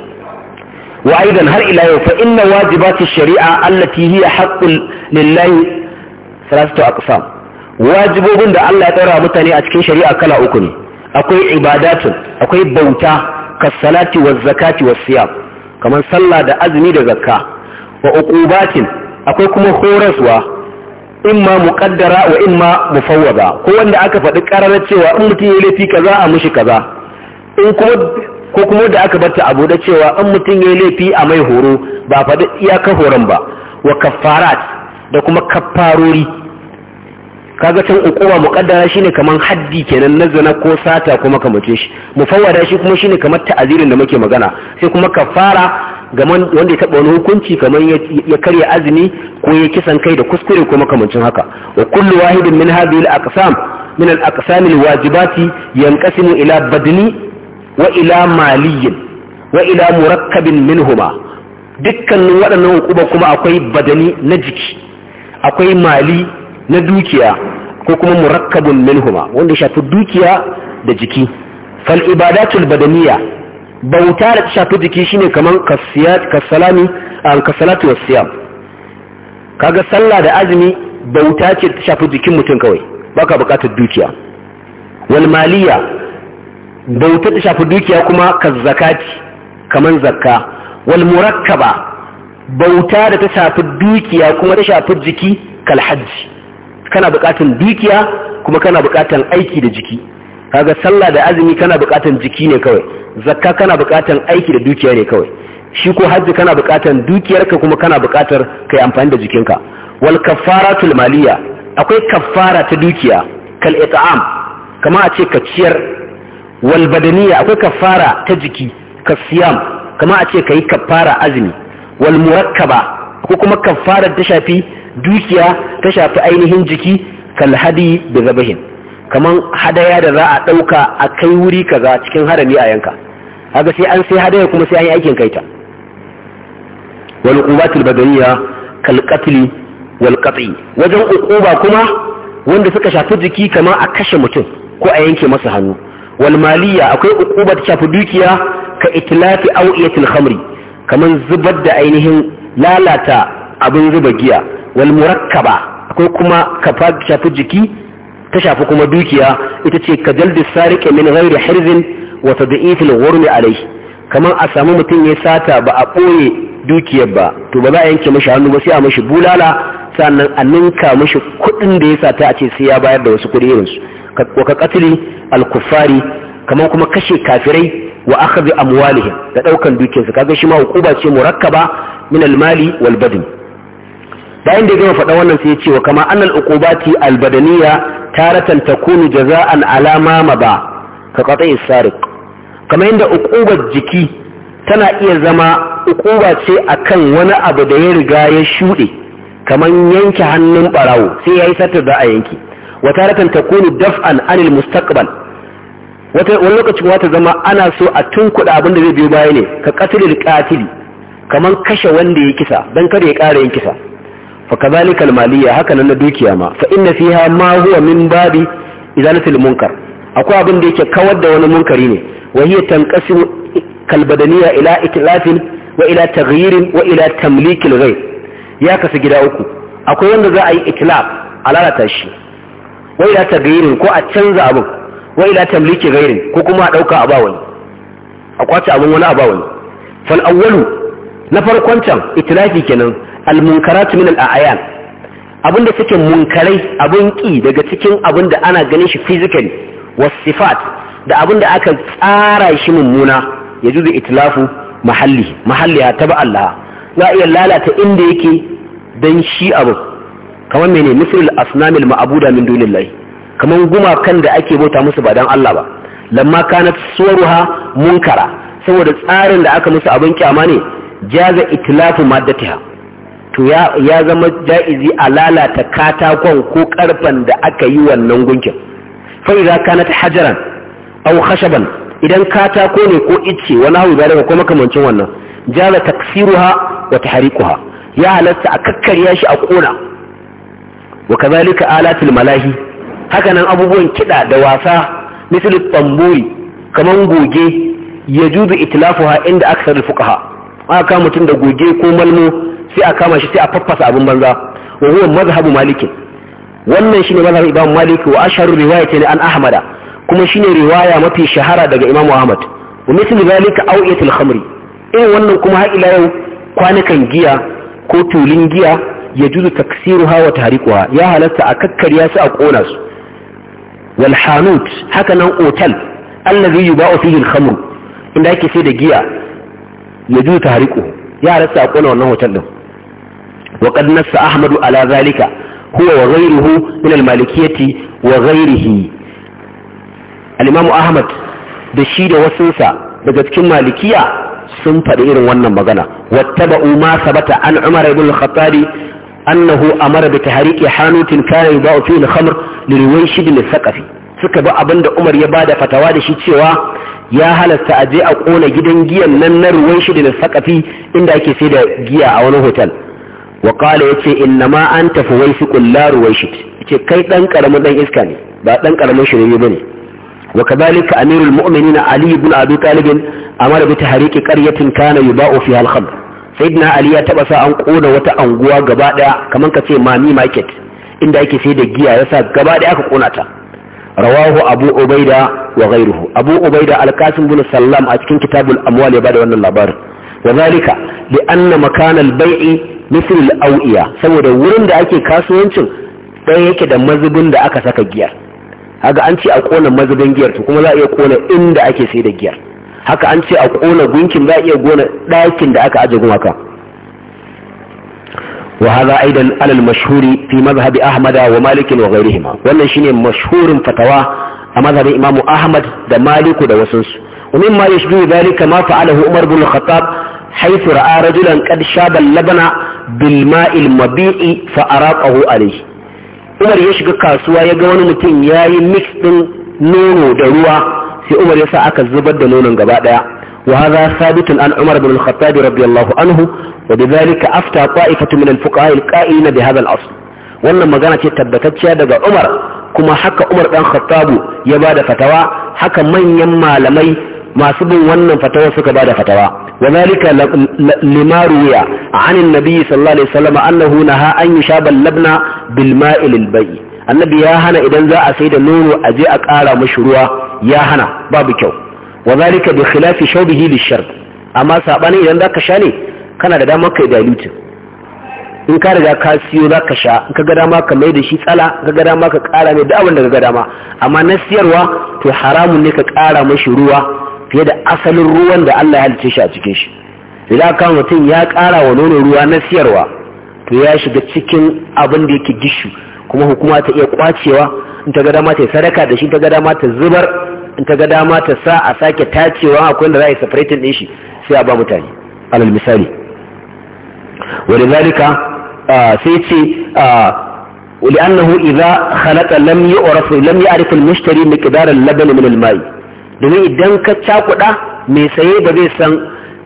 wa aidan har ila yau fa inna wajibati shari'a allati hiya haqqul lillahi a aqsam wajibobin da Allah ya tsara mutane a cikin shari'a kala uku ne akwai ibadatun akwai bauta kasalati wa zakati wa siyam kamar sallah da azumi da zakka wa uqubatin akwai kuma horaswa In ma muqaddara wa in ma mufawwada ko wanda aka faɗi ƙarar cewa in mutum ya laifi kaza a mushi kaza in kuma ko kuma da aka barta abu da cewa in mutum ya laifi a mai horo ba faɗi iyaka horon ba wa kaffarat da kuma kaffarori kaga can ukuwa kaddara shine kaman haddi kenan na zina ko sata kuma kamace shi mufawwada shi kuma shine kamar ta'azirin da muke magana sai kuma kaffara ga wanda ya taɓa wani hukunci kamar ya karya azumi ko ya kisan kai da kuskure ko makamancin haka wa kullu wahidin min hadhihi al-aqsam min al-aqsam al-wajibati yanqasimu ila badni wa ila maliyin wa ila murakkabin minhuma dukkanin waɗannan hukuma kuma akwai badani na jiki akwai mali na dukiya ko kuma murakkabun minhuma wanda shafi dukiya da jiki fal ibadatul badaniya bauta da ta shafi jiki shine kaman kasalami kasalatu siyam kaga sallah da azumi bauta ce ta shafi jikin mutum kawai baka bukatar dukiya wal maliya bauta ta shafi dukiya kuma ka zakati kaman zakka wal murakkaba bauta da ta shafi dukiya kuma ta shafi jiki kal hajji kana bukatan dukiya kuma kana bukatan aiki da jiki kaga sallah da azumi kana bukatan jiki ne kawai zakka kana buƙatar aiki da dukiya ne kawai shi ko hajji kana buƙatar dukiyarka kuma kana buƙatar kai amfani da jikinka wal kaffaratul maliya akwai kafara ta dukiya kal it'am kama a ce ka ciyar wal badaniya akwai kafara ta jiki ka siyam kama a ce kai kafara azumi wal murakkaba ko kuma kafara ta shafi dukiya ta shafi ainihin jiki kal hadi da zabahin kaman hadaya da za a ɗauka a kai wuri kaza cikin harami a yanka haka sai an sai hadaya kuma sai an yi aikin kaita wani ƙubatul badaniya kalƙatili wal wajen uquba kuma wanda suka shafi jiki kamar a kashe mutum ko a yanke masa hannu wal maliya akwai uquba ta shafi dukiya ka itlafi awiyatil khamri kaman zubar da ainihin lalata abin zuba giya wal murakkaba akwai kuma ka shafi jiki ta shafi kuma dukiya ita ce ka jaldi sarike min ghairi hirzin wa tad'ifil ghurmi alayhi kamar a samu mutum ya sata ba a ɓoye dukiyar ba to ba za a yanke mashi hannu ba sai a mashi bulala sannan a ninka mashi kuɗin da ya sata a ce sai ya bayar da wasu kuɗi irinsu wa ka katili al kufari kamar kuma kashe kafirai wa a amwalihim da daukan dukiyarsu kaga shi ma hukuba ce murakkaba min al-mali wal bayan da ya gama faɗa wannan sai ya ce wa kama annal uqubati al badaniya taratan takunu jaza'an alama ma ba ka qata'i sariq kamar inda ukubar jiki tana iya zama uquba ce akan wani abu da ya riga ya shuɗe kamar yanke hannun barawo sai yi satar da a yanki wa taratan takunu daf'an anil mustaqbal wata wani lokacin wata zama ana so a tunkuɗa abin da zai biyo baya ne ka katilil katili kamar kashe wanda ya kisa don kada ya ƙara yin kisa fa kadhalika al-maliyya haka nan na dukiya ma fa inna fiha ma huwa min babi izalatil munkar akwai abin da yake kawar da wani munkari ne wa hiya tanqasim kalbadaniya ila itlafin wa ila taghyirin wa ila tamlikil ya kasu gida uku akwai wanda za a yi itlaf a lalata shi wa ila ko a canza abin ko kuma a a ba wani a kwace abin wani a ba wani na farkon can itlafi kenan al-munkaratu min al-a'yan abinda suke munkarai abin ƙi daga cikin abinda ana ganin shi physically wasifat da da aka tsara shi mummuna yajuzu itilafu mahalli ya taba Allah za iya lalata inda yake dan shi abu kamar mene misalul asnamil ma'buda min dunillahi kamar gumakan da ake bauta musu ba dan Allah ba lamma kanat suwaruha munkara saboda tsarin da aka musu abin kyama ne jaza itilafu maddatiha to ya zama ja'izi a lalata katakon ko karfan da aka yi wannan gunkin fa idza ka na hajaran aw khashaban idan katako ne ko icce wani hau da ko makamancin wannan jala taksiruha wa tahriquha ya halatta a kakkarya shi a kona wa kazalika alatul malahi haka nan abubuwan kida da wasa misali tamburi kaman goge yajudu itlafuha inda aksar fuqaha aka mutum da goge ko malmo sai a kama shi sai a faffasa abin banza wa huwa mazhabu malikin wannan shine mazhabu imam maliki wa asharu riwayati an ahmada kuma shine riwaya mafi shahara daga imam ahmad wa mithlu zalika awiyatul khamri eh wannan kuma har ila yau kwanukan giya ko tulin giya ya juzu taksiruha wa tahriquha ya halatta a kakkarya su a kona su wal hanut haka nan otal allazi yuba'u fihi al khamr inda ake sai da giya ya juzu tahriquhu ya halatta a kona wannan hotel din وقد نص أحمد على ذلك هو وغيره من المالكية وغيره الإمام أحمد بشيد وسنسى بقد كم مالكية سنفة إير ونم مغنى واتبعوا ما ثبت عن عمر بن الخطاب أنه أمر بتحريك حانوت كان يباع فيه الخمر لرويشد الثقفي suka bi abin da Umar ya bada fatawa da shi cewa ya halasta a je a kona gidan giyan nan na ruwan shi da sakafi inda ake sai da giya a wani hotel wa qala yace innama anta fuwaisiqul la ruwaishit yace kai dan karamin dan iska ne ba dan karamin shirye bane wa kadhalika amirul mu'minin ali ibn abi talib amara bi tahriqi qaryatin kana yuba'u fiha al-khamr sayyidina ali ya taba sa an koda wata anguwa gaba daya kaman kace mami market inda ake sai da giya yasa gaba daya aka kona ta rawahu abu ubaida wa ghayruhu abu ubaida al-qasim bin sallam a cikin kitabul amwal ya bada wannan labarin وذلك لأن مكان البيع mislil au'iya saboda wurin da ake kasuwancin ɗaya yake da mazubin da aka saka giyar haka an ce a kona mazubin giyar to kuma za a iya kona inda ake sai da giyar haka an ce a kona gunkin za a iya gona ɗakin da aka aje gumaka wa hadha aidan alal mashhuri fi mazhabi ahmad wa malik wa ghayrihima wannan shine mashhurin fatawa a mazhabin imamu ahmad da maliku da wasunsu ومما يشبه ذلك ما فعله عمر بن الخطاب حيث رأى رجلا قد شاب اللبن bilma'il mabi'i fa'araƙahu alaihi umar ya shiga kasuwa ya ga wani mutum ya yi mix ɗin nono da ruwa sai umar ya sa aka zubar da nonon gaba ɗaya wa haza sabitun an umar bin al-khattabi radiyallahu anhu wa bi zalika afta qa'ifatu min al-fuqaha al-qa'ina bi hadha al-asl wannan magana ce tabbatacciya daga umar kuma haka umar dan khattabu ya bada fatawa haka manyan malamai masu bin wannan fatawa suka bada fatawa Wazalika لما a عن Nabiyyu صلى الله عليه وسلم أنه نهى أن يشاب annabi ya hana idan za sai da nono a je a kara mashi ruwa ya hana babu kyau wa zalika bi khilafi shawbihi lishar amma sabanin idan zaka sha ne kana da damar kai dilute in ka riga ka siyo zaka sha ka ga dama ka mai da shi tsala ka ga dama ka ƙara ne da abin dama amma na siyarwa to haramun ne ka kara mashi ruwa fiye da asalin ruwan da Allah ya halice shi a cikin shi idan kan mutum ya ƙara wa nono ruwa na siyarwa to ya shiga cikin abin da yake gishu kuma hukuma ta iya kwacewa in ta ga dama ta sadaka da shi ta ga dama ta zubar in ta ga dama ta sa a sake tacewa akwai da za a yi separating din shi sai a ba mutane alal misali wani zalika sai ce ولأنه إذا خلق لم يعرف لم يعرف المشتري مقدار اللبن من الماء domin idan ka cakuɗa mai saye ba zai san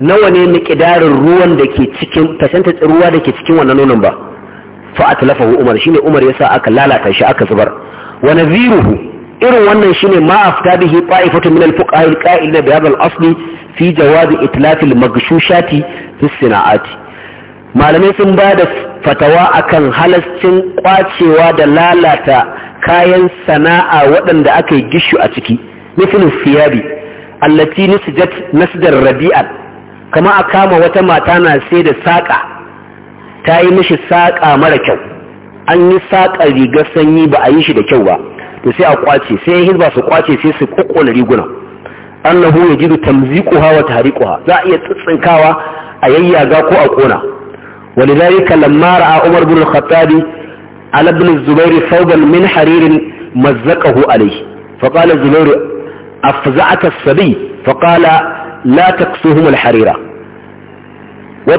nawa ne miƙidarin ruwan da ke cikin percentage ruwa da ke cikin wannan nonon ba fa atlafahu umar shine umar yasa aka lalata shi aka zubar wa nadhiruhu irin wannan shine ma afta bihi qa'ifatu min al-fuqaha al-qa'ilina bi hadha al-asli fi jawaz itlaf al-maghshushati fi sina'ati malamai sun ba da fatawa akan halascin kwacewa da lalata kayan sana'a waɗanda aka yi gishu a ciki مثل الثياب التي نسجت نسج الربيع كما أقام وتماتانا سيد الساقع تايمش الساقع مركب an yi saƙa rigar sanyi ba a yi shi da kyau ba to sai a kwace sai hizba su kwace sai su kokkola riguna annahu yajidu tamziquha wa tahriquha za a iya tsitsinkawa a yayyaga ko a kona ولذلك لما راى عمر بن الخطاب على ابن الزبير ثوبا من حرير مزقه عليه فقال الزبير أفزعت الصبي فقال لا تكسوهم الحريرة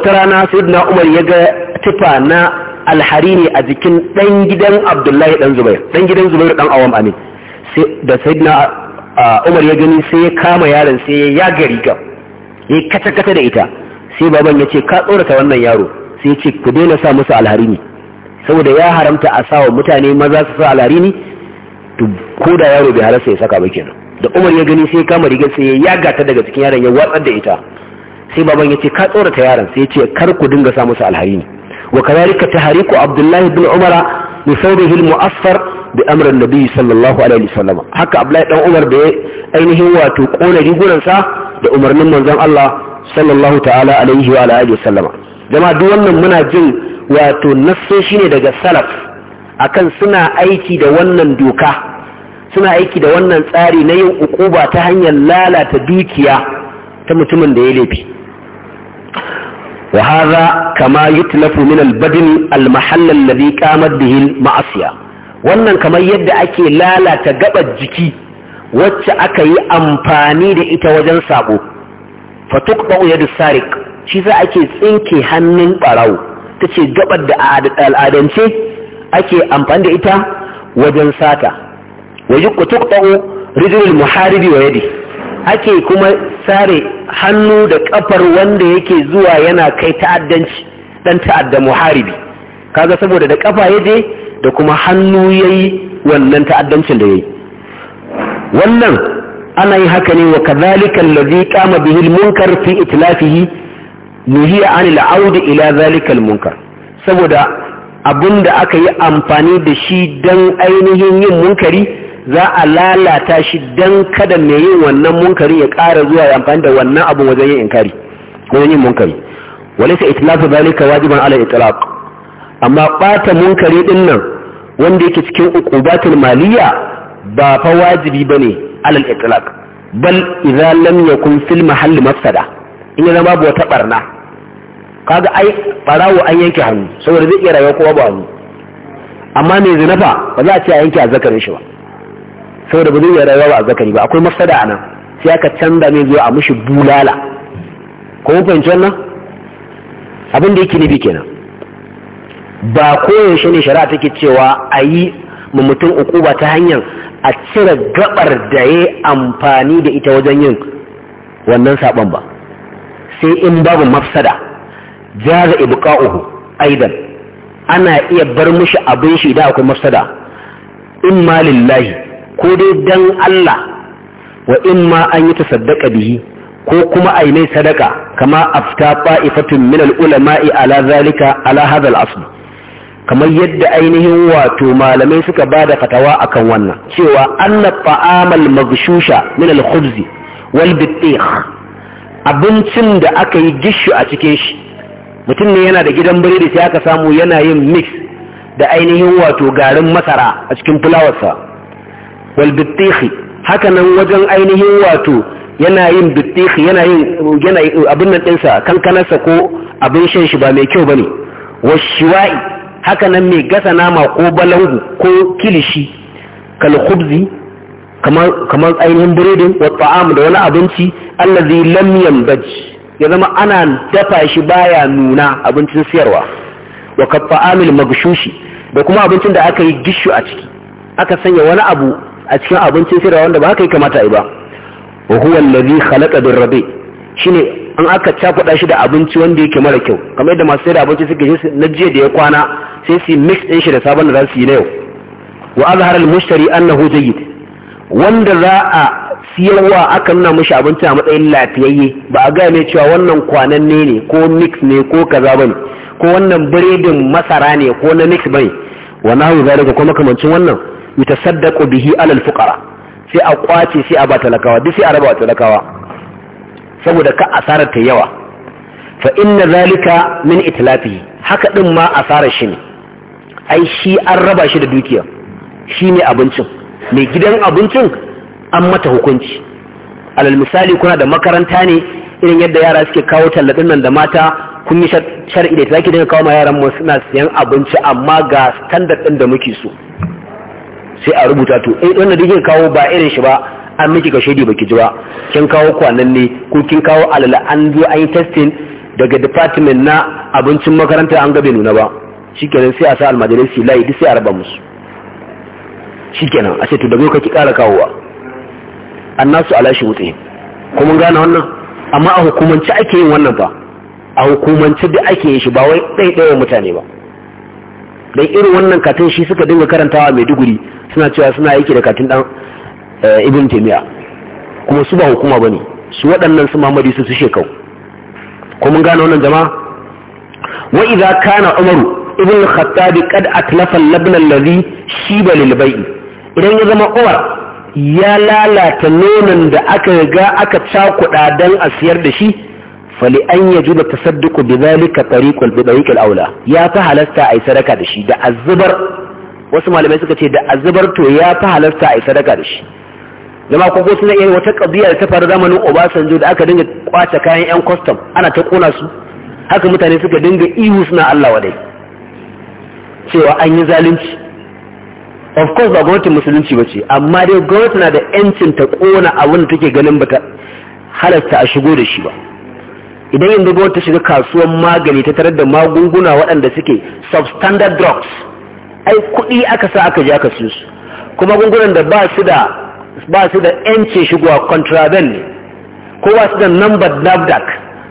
ناس ابن عمر يجا تفانا alharini a jikin ɗan gidan abdullahi ɗan zubair ɗan gidan zubair ɗan awam amin da sayyidina umar ya gani sai ya kama yaron sai ya gari ga ya kata kata da ita sai baban ya ce ka tsorata wannan yaro sai ya ce ku daina sa musu alharini saboda ya haramta a sawa mutane maza su sa alharini to ko da yaro bai halasta ya saka ba kenan da umar ya gani sai kama rigar sai ya gata daga cikin yaron ya watsar da ita sai baban ya ce ka tsorata yaron sai ya ce kar ku dinga sa musu ne wa kadhalika tahriku Abdullahi ibn umar bi thawbihi al-mu'affar bi amri an-nabi sallallahu alaihi wasallam haka Abdullahi dan umar da ainihin wato kona rigunan da umarnin manzon Allah sallallahu ta'ala alaihi wa alihi wasallam jama'a duk wannan muna jin wato nassoshi ne daga salaf akan suna aiki da wannan doka suna aiki da wannan tsari na yin ukuba ta hanyar lalata dukiya ta mutumin da ya laifi وهذا كما يتلف من البدن المحل الذي قامت به المعصيه wannan kamar yadda ake lalata gabar jiki wacce aka yi amfani da ita wajen sabo fatukba yadu sarik shi za ake tsinke hannun barawo tace gabar da al'adance ake amfani da ita wajen sata wa yuqtaqu rijlul muharibi wa yadi ake kuma sare hannu da kafar wanda yake zuwa yana kai ta'addanci dan ta'adda muharibi kaga saboda da kafa yaje da kuma hannu yayi wannan ta'addancin da yayi wannan ana yi haka ne wa kadhalika allazi qama bihi almunkar fi itlafihi nuhiya anil aud ila zalika almunkar saboda abinda aka yi amfani da shi dan ainihin yin munkari za a lalata shi don kada mai yin wannan munkari ya ƙara zuwa ya amfani da wannan abin wajen yin inkari wajen yin munkari wani sai walaisa itlafu ka wajiban ala itlaq amma ɓata munkari din nan wanda yake cikin uqubatul maliya ba fa wajibi ba ne ala itlaq bal idza lam kun fil mahall mafsada in ya zama wata barna kaga ai ɓarawo an yanke hannu saboda zai iya rayuwa kowa ba hannu amma mai zinafa ba za a ce a yanke a zakarin shi ba saboda ba zai iya rayuwa a zakari ba akwai mafsada a nan sai aka canza mai zuwa a mushi bulala ko mun fahimci wannan abin da yake nufi kenan ba koyaushe ne shari'a take cewa a yi ma mutum ukuba ta hanyar a cire gabar da ya amfani da ita wajen yin wannan saɓon ba sai in babu mafsada jaza uku, aidan ana iya bar mushi abin shi idan akwai mafsada in ma lillahi ko dai dan Allah wa in ma an yi tasaddaqa bihi ko kuma yi mai sadaka kama afta ta'ifatun min al-ulama'i ala zalika ala hadha al kamar yadda ainihin wato malamai suka bada fatawa akan wannan cewa anna ta'amal magshusha min al khubzi wal bittikh abincin da aka yi gishu a cikin shi mutum ne yana da gidan biredi sai aka samu yana yin mix da ainihin wato garin masara a cikin fulawarsa wal bittihi haka nan wajen ainihin wato yana yin bittihi yana yin yana abin nan kankanarsa ko abin shan ba mai kyau bane washiwa'i haka nan mai gasa nama ko balangu ko kilishi kal khubzi kamar ainihin biredin wa ta'am da wani abinci allazi lam yanbaj ya zama ana dafa shi baya nuna abincin siyarwa wa kaffa'amil magshushi da kuma abincin da aka yi gishu a ciki aka sanya wani abu a cikin abincin sirra wanda ba ka yi kamata yi ba wa huwa allazi khalaqa birrabi shine an aka cakuɗa shi da abinci wanda yake mara kyau kamar yadda masu sayar da abinci suke yi na jiya da ya kwana sai su mix din shi da sabon da za su yi na yau wa azhar al mushtari annahu jayyid wanda za a siyarwa aka nuna mushi abinci a matsayin lafiyayye ba a mai cewa wannan kwanan ne ko mix ne ko kaza bane ko wannan biredin masara ne ko na mix bane wa nahu zalika ko makamancin wannan yutasaddaqu bihi ala alfuqara sai a kwace sai a ba talakawa duk sai a raba wa talakawa saboda ka asarar ta yawa fa inna zalika min itlafihi haka din ma asarar shi ne ai shi an raba shi da dukiya shi ne abincin mai gidan abincin an mata hukunci alal misali kuna da makaranta ne irin yadda yara suke kawo tallafin nan da mata kun yi shar'i da zaki dinga kawo ma yaran mu suna siyan abinci amma ga standard din da muke so sai a rubuta to eh wanda da kawo ba irin shi ba an miki ka shaidi baki ji ba kin kawo kwanan ne ko kin kawo alala an zo an yi testing daga department na abincin makaranta an gabe nuna ba shikenan sai a sa almajirai su layi duk sai a raba musu shikenan a ce to daga kake kara kawowa annasu ala shi wutse ko mun gane wannan amma a hukumance ake yin wannan ba a hukumance da ake yin shi ba wai ɗaiɗaya mutane ba dan irin wannan katin shi suka dinga karantawa mai duguri suna cewa suna aiki da katin dan eh, ibn taimiyya kuma su ba hukuma ba su waɗannan su mamadi su su shekau ko mun gane wannan jama'a wa idza kana umaru ibn khattab qad atlafa al-labn alladhi shiba lil bai'i idan ya zama umar ya lalata nonon da aka ga aka cakuɗa dan a siyar da shi fali an ya juba tasadduku bi zalika tariqul bi aula ya fa halasta ai sadaka da shi da azzubar wasu malamai suka ce da azzubar to ya fa halasta ai sadaka da shi zama ko ko suna yin wata qadiya da ta faru zamanin Obasanjo da aka dinga kwace kayan yan kwastam ana ta kona su haka mutane suka dinga ihu suna Allah wadai cewa an yi zalunci of course ba gwamnati musulunci ba ce amma dai gwamnati na da yancin ta kona abin da take ganin ba ta halasta a shigo da shi ba idan yanzu ga wata shiga kasuwan magani ta tarar da magunguna waɗanda suke substandard drugs ai kuɗi aka sa aka je aka siyo su kuma magungunan da ba su da yanci shigowa contraband ne ko ba su da number nafdac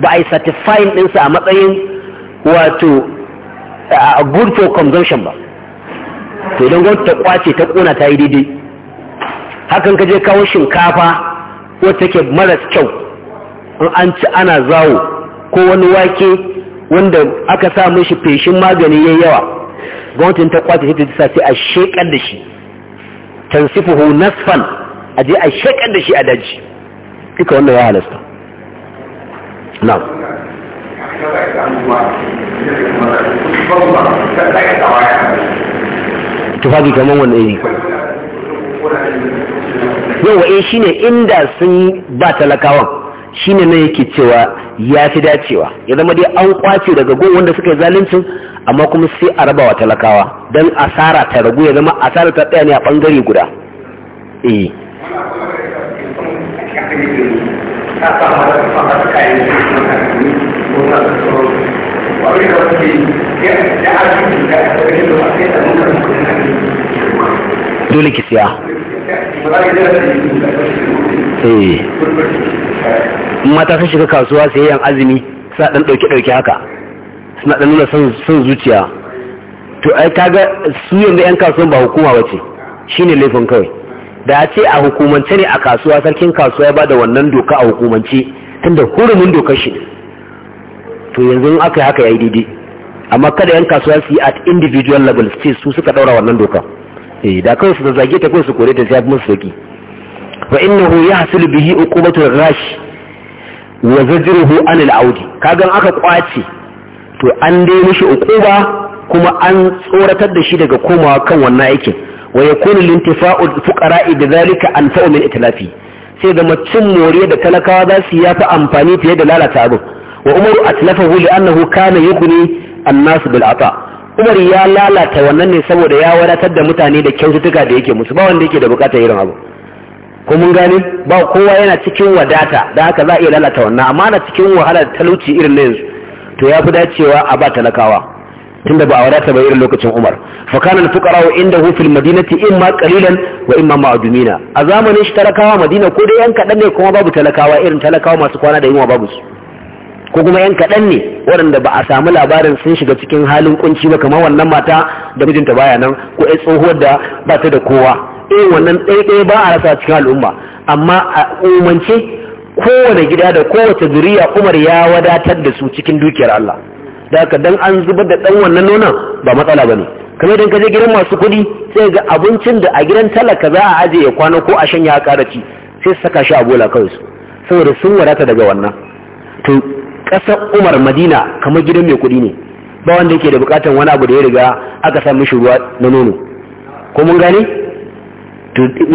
ba a yi certifying ɗinsa a matsayin wato a good for consumption ba to idan gwamnati ta kwace ta ƙuna ta yi daidai hakan ka je kawo shinkafa wacce ke maras kyau in an ci ana zawo ko wani wake wanda aka sa mishi feshin magani ya yawa gwamnatin ta kwace ta sa sai a shekar da shi tansifuhu nasfan a je a shekar da shi a daji duka wanda ya halasta na'am tufafi kamar wanda iri yau wa'in eh, shine inda sun ba talakawan shine ne yake cewa ya fi dacewa ya zama dai an kwace daga gun wanda suka yi zaluncin amma kuma sai a rabawa talakawa don asara ta ragu ya zama asara ta tsaya ne a bangare guda eh. dole ki siya eh. mata sun shiga kasuwa sayayyan azumi suna dan dauke dauke haka suna dan nuna son zuciya to ai kaga su yanzu yan kasuwan ba hukuma ce, shine laifin kawai da ce a hukumance ne a kasuwa sarkin kasuwa ya bada wannan doka a hukumance tunda hurumin dokar shi to yanzu aka yi haka ya yi daidai amma kada yan kasuwa su yi at individual level ce, su suka daura wannan doka eh da kawai su zage ta kawai su kore ta sai musu sauki fa innahu yahsul bihi uqubatu rash wa zajruhu an al-audi kagan aka kwace to an dai mishi uquba kuma an tsoratar da shi daga komawa kan wannan aikin wa yakunu lintifa'u fuqara'i bidhalika anfa'u min itlafi sai da macin moriya da talakawa za su yafi amfani fiye da lalata abu wa umaru atlafahu li'annahu kana yughni an-nas bil ata umar ya lalata wannan ne saboda ya wadatar da mutane da kyaututtuka da yake musu ba wanda yake da bukatar irin abu ko mun gani ba kowa yana cikin wadata da haka za a iya lalata wannan amma na cikin wahala da talauci irin na yanzu to ya fi dacewa a ba talakawa tunda ba a wadata ba irin lokacin Umar fa kana inda fuqara madina fil madinati imma qalilan wa imma ma'dumina a zamanin shi talakawa Madina ko dai yan kadan ne kuma babu talakawa irin talakawa masu kwana da yunwa babu su ko kuma yan kaɗan ne waɗanda ba a samu labarin sun shiga cikin halin kunci ba kamar wannan mata da mijinta baya nan ko ai tsohuwar da ba ta da kowa eh wannan ɗaiɗaya ba a rasa cikin al'umma amma a umance kowane gida da kowace zuriya umar ya wadatar da su cikin dukiyar Allah da haka dan an zubar da dan wannan nonon ba matsala bane ne kamar idan ka je gidan masu kuɗi sai ga abincin da a gidan talaka za a ajiye ya kwana ko a shanya ya ƙara ci sai su saka shi a bola kawai saboda sun wadata daga wannan to ƙasar umar madina kamar gidan mai kuɗi ne ba wanda yake da bukatan wani abu da ya riga aka sami mishi ruwa na nono ko mun gane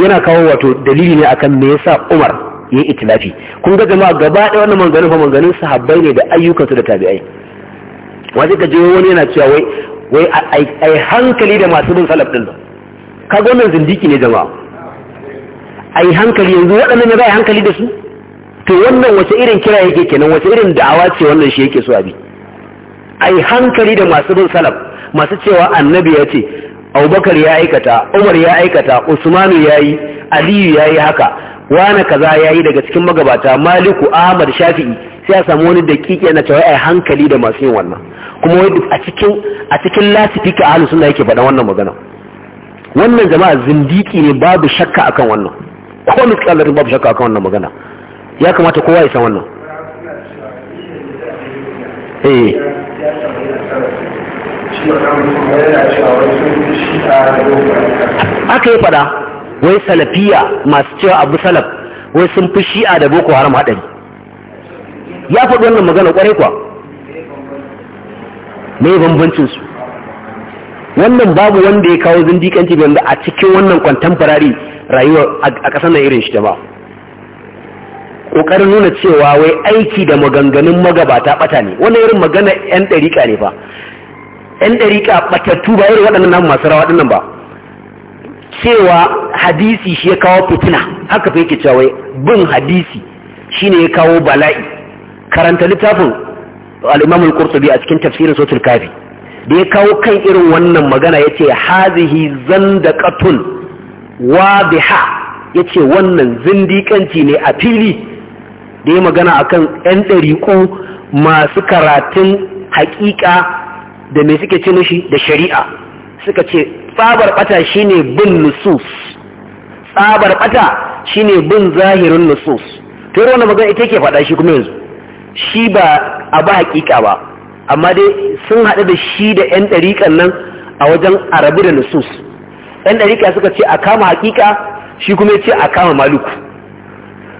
yana kawo wato dalili ne akan me yasa umar ya yi itilafi kun ga jama'a gaba ɗaya wannan manganin fa manganin sahabbai ne da ayyukansu da tabi'ai wani ka je wani yana cewa wai wai ai hankali da masu bin salaf din kaga wannan zindiki ne jama'a ai hankali yanzu waɗannan ne ba hankali da su to wannan wace irin kira yake kenan wace irin da'awa ce wannan shi yake so bi ai hankali da masu bin salaf masu cewa annabi ya ce abubakar ya aikata umar ya aikata usmanu ya yi aliyu ya yi haka wani kaza ya yi daga cikin magabata maliku ahmad shafi'i sai a samu wani kike na cewa ai hankali da masu yin wannan kuma wai a cikin a cikin lasifika ahlus sunna yake faɗa wannan magana wannan jama'a zindiki ne babu shakka akan wannan ko misalar babu shakka akan wannan magana ya kamata kowa ya san wannan eh aka yi fada wai salafiya masu cewa abu salaf wai sun fi shi'a da boko haram haɗari ya faɗi wannan magana ƙwarai kuwa bambancinsu wannan babu wanda ya kawo zindikanci wanda a cikin wannan farari rayuwa a ƙasar na irin shi ta ba ƙoƙarin nuna cewa wai aiki da maganganun magabata bata ne wannan irin magana 'yan ɗariƙa ne fa 'yan ɗariƙa ɓatattu ba irin waɗannan namu masu rawa ɗinnan ba cewa hadisi shi ya kawo fitina haka fa yake cewa bin hadisi shine ya kawo bala'i karanta littafin al-Imam al a cikin tafsirin Suratul Kafi da ya kawo kan irin wannan magana yace hazihi zandaqatun ya yace wannan zindikanci ne a fili da ya magana akan yan ɗariƙu masu karatun haƙiƙa da mai suke cin shi da shari'a suka ce tsabar ɓata shi ne bin nusus tsabar ɓata shi ne bin zahirin nusus to yi magana ita ke faɗa shi kuma yanzu shi ba a ba haƙiƙa ba amma dai sun haɗu da shi da 'yan ɗariƙan nan a wajen arabu da nusus 'yan ɗariƙa suka ce a kama haƙiƙa shi kuma ya ce a kama maluku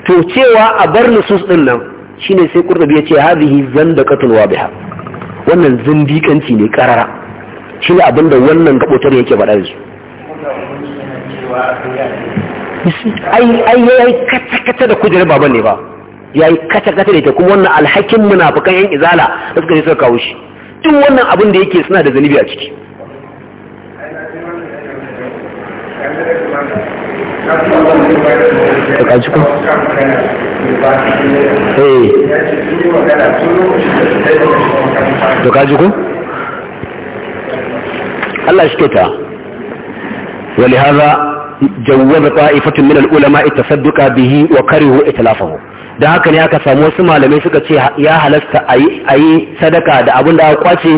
to cewa a bar nusus din nan shine sai qurtubi yace hadhihi zandaqatul wadiha wannan zindikanci ne karara shine abinda wannan gabotar yake faɗa su? ai ai yayi kata kata da kujerar baban ne ba yayi kata kata da ita kuma wannan alhakin munafikan yan izala da suka je suka kawo shi duk wannan abin da yake suna da zanibi a ciki da kaji eh Allah shi kyauta wani haza jawwaza ta'ifatun min al-ulama sadduka bihi wa karihu itlafahu da haka ne aka samu wasu malamai suka ce ya halasta ayi sadaka da abin da aka kwace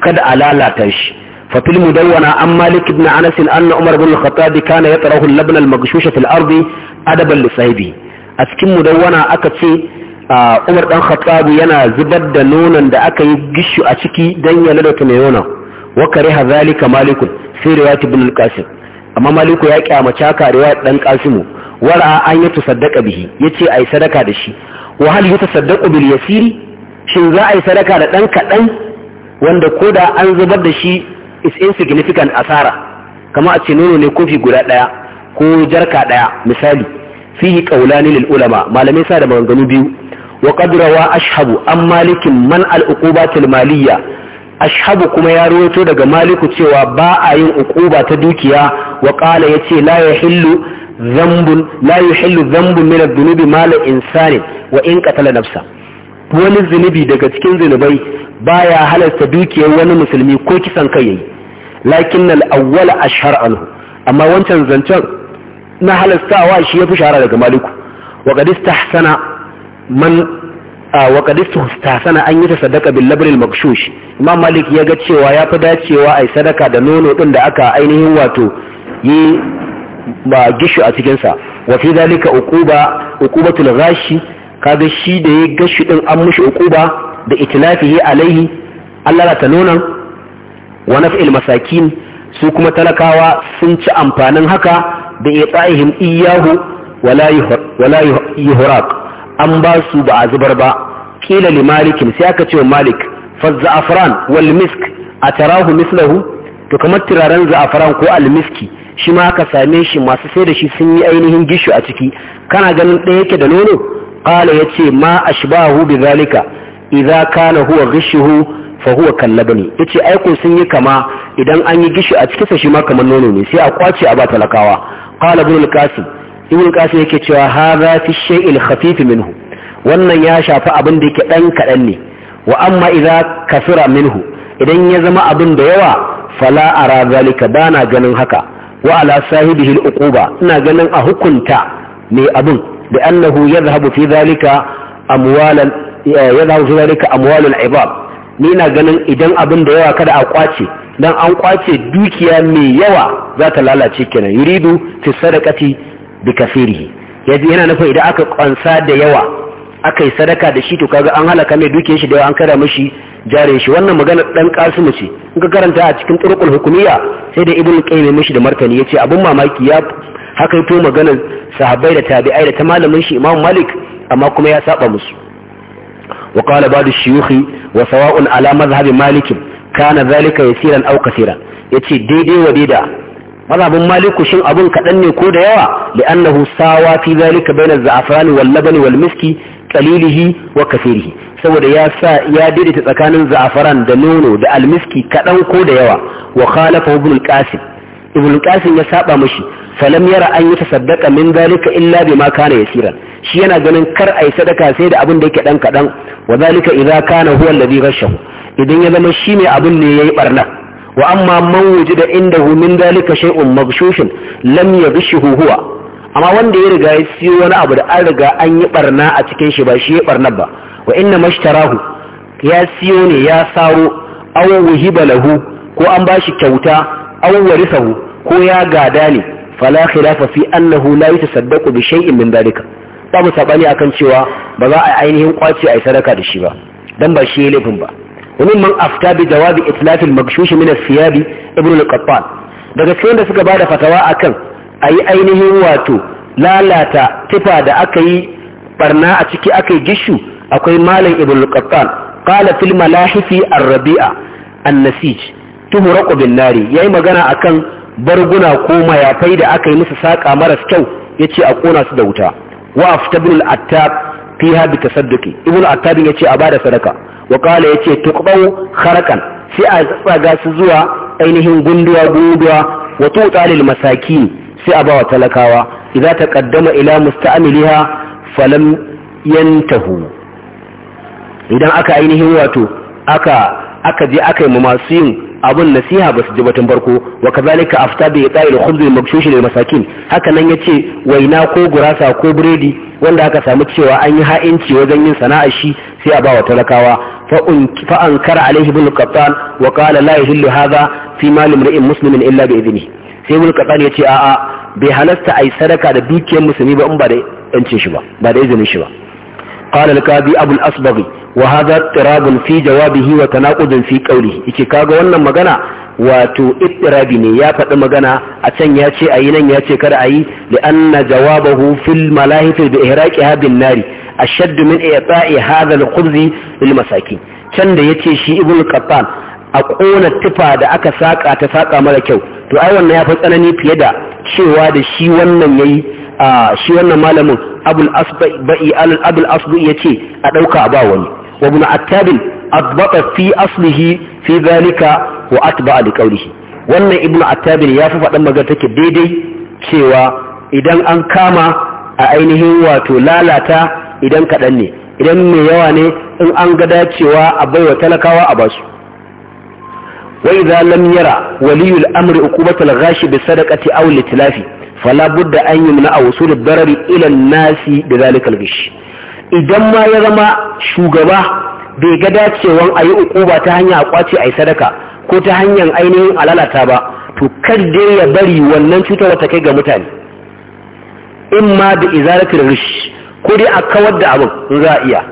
kada a lalata shi ففي المدونة عن مالك بن أنس أن عمر بن الخطاب كان يطرح اللبن المغشوش في الأرض أدبا لصاحبه أسكن مدونة أكتشي Umar ɗan Khattabu yana zubar da nonon da aka yi gishu a ciki don ya lalata mai nonon wa kare hazalika malikun sai riwayat ibn al-qasim amma maliku ya kyamace caka riwayat dan qasimu wara an yi tasaddaqa bihi yace ai sadaka da shi wa hal shin za a yi sadaka da dan kadan wanda da an zubar da shi is insignificant asara kama a ce nono ne kofi guda daya ko jarka daya misali fihi qawlani lil ulama malamai sa da maganganu biyu wa qad rawa ashhabu an malikin man al uqubatil maliyya ashhabu kuma ya rawaito daga maliku cewa ba a yin uquba ta dukiya wa qala yace la yahillu dhanbun la yuhillu dhanbun min ad-dunubi mal insani wa in qatala nafsa wani zunubi daga cikin zunubai baya halasta dukiyar wani musulmi ko kisan kai yayi lakin al-awwal ashhar amma wancan zancen na halastawa shi yafi shara daga maliku wa qad istahsana man wa qad istahsana an yi tasaddaqa bil labr al makshush imam malik ya ga cewa yafi dacewa ai sadaka da nono din da aka ainihin wato yi ba gishu a cikin sa wa fi dalika uquba uqubatul ghashi kaga shi da ya ga shi din an mushi uquba da itlafihi alaihi Allah ta nuna wa naf'il masakin su kuma talakawa sun ci amfanin haka da itsa'ihim iyahu wala yuhraq an ba su ba a zubar ba kila li malikin sai aka ce malik fa za'afran wal misk atarahu mislahu to kamar turaren za'afran ko al miski shi ma aka same shi masu sai da shi sun yi ainihin gishu a ciki kana ganin ɗaya yake da nono ya ce ma ashbahu bidhalika idza kana huwa ghishuhu fa huwa kallabani yace ai sun yi kama idan an yi gishi a cikin sa shi maka kamar nono ne sai a kwace a ba talakawa qala ibn al-qasim ibn al-qasim yake cewa hadha fi shay'il khafif minhu wannan ya shafi abin da yake dan kadan ne wa amma idza kasura minhu idan ya zama abin da yawa fala ara zalika bana ganin haka wa ala sahibihi al ina ganin a hukunta mai abin da يذهب في ذلك أموالا يذهب في ذلك أموال ni na ganin idan abin da yawa kada a kwace dan an kwace dukiya mai yawa za ta lalace kenan yuridu fi sadaqati bi kafirihi yaji yana nufin idan aka kwansa da yawa aka yi sadaka da shi to kaga an halaka mai dukiyar shi da yawa an kada mishi jare shi wannan magana dan kasimu ce in ka karanta a cikin turqul hukumiyya sai da ibnu qayyim mishi da martani yace abun mamaki ya haka yato maganar sahabbai da tabi'ai da ta malamin shi Imam Malik amma kuma ya saba musu wa qala ba'd ash wa sawa'un ala madhhab Malik kana zalika yasiran aw ya yace daidai wa daida mazhabin Malik shin abun kadan ne ko da yawa li'annahu sawa fi zalika bayna az-za'fran wal labani wal miski qalilihi wa kaseerihi saboda ya sa ya daidaita tsakanin za'afaran da nono da almiski kadan ko da yawa wa khalafa ibn al-qasim ibn al-qasim ya saba mashi falam yara an yi tasaddaqa min zalika illa bima kana yasiran shi yana ganin kar ai sadaka sai da abin da yake dan kadan wa zalika idza kana huwa alladhi ghashahu idan ya zama shi ne abin ne yayi barna wa amma man wujida indahu min zalika shay'un maghshushun lam yaghshuhu huwa amma wanda ya riga ya siyo wani abu da an riga an yi barna a cikin shi ba shi ya barna ba wa inna mashtarahu ya siyo ne ya saro aw balahu ko an bashi kyauta aw warisahu ko ya gada ne fala khilafa fi annahu la yatasaddaqu bi shay'in min dalika babu sabani akan cewa ba za a ainihin kwace ai sadaka da shi ba dan ba shi laifin ba ومن من أفتى بجواب إتلاف المكشوش من الثياب ابن القطان daga cikin da suka bada fatawa akan ayi ainihin wato lalata tifa da aka yi barna a ciki aka yi gishu akwai malam ibn al-qattan qala fil malahifi ar-rabi'a an-nasij tuhraqu bin nari yayi magana akan barguna ko mayafai da aka yi musu saƙa maras kyau ya ce a ƙona su da wuta wa afta bin al'attab fi ha bi tasadduki ibn al'attab ya ce a bada sadaka wa kala ya ce tuqbau kharakan sai a tsaga su zuwa ainihin gunduwa gunduwa wa tuta lil masakin sai a ba wa talakawa ta taqaddama ila musta'miliha falam yantahu idan aka ainihin wato aka aka je aka yi masu yin abun nasiha basu ji batun farko wa kazalika afta bai qa'il da al makshush da masakin haka nan yace waina ko gurasa ko biredi wanda aka samu cewa an yi ha'inci wajen yin sana'ar shi sai a bawa talakawa fa ankara alaihi ibn qattan wa qala la yahillu hadha fi mal imri'in muslimin illa bi idni sai ibn qattan yace a a bai halasta ai sadaka da dukiyar musulmi ba in ba da yancin shi ba ba da izinin shi ba qala al-qadi abul asbaghi wa hadha tirabun fi jawabihi wa tanaqudun fi qawli yake kaga wannan magana wato ittirabi ne ya faɗi magana a can ya ce ayi nan ya ce kada ayi li anna jawabahu fil malahif bi ihraqiha bin nari ashadd min i'ta'i hadha al-khubz lil masakin can da yace shi ibnu qattan a kona tufa da aka saka ta saka mara kyau to ai wannan ya fi tsanani fiye da cewa da shi wannan yayi a shi wannan malamin abul asbai abul ce yace a dauka a ba wani وابن عتاب أضبط في أصله في ذلك وأتبع لقوله وأن ابن عتاب يافف لما قلتك ديدي سوى إذن أنكام أعينه وتلالة إذن كدني إذن ميواني إن أنقدت سوى أبي وتلكى وأباسو وإذا لم يرى ولي الأمر أقوبة الغاشي بالصدقة أو الاتلاف فلا بد أن يمنع وصول الضرر إلى الناس بذلك الغش idan ma ya zama shugaba bai ga dacewan a yi ukuba ta hanya a kwace a yi sadaka ko ta hanyar ainihin alalata ba to kar dai ya bari wannan cutar wata kai ga mutane in ma da izaratul rish ko dai a kawar da abin za a iya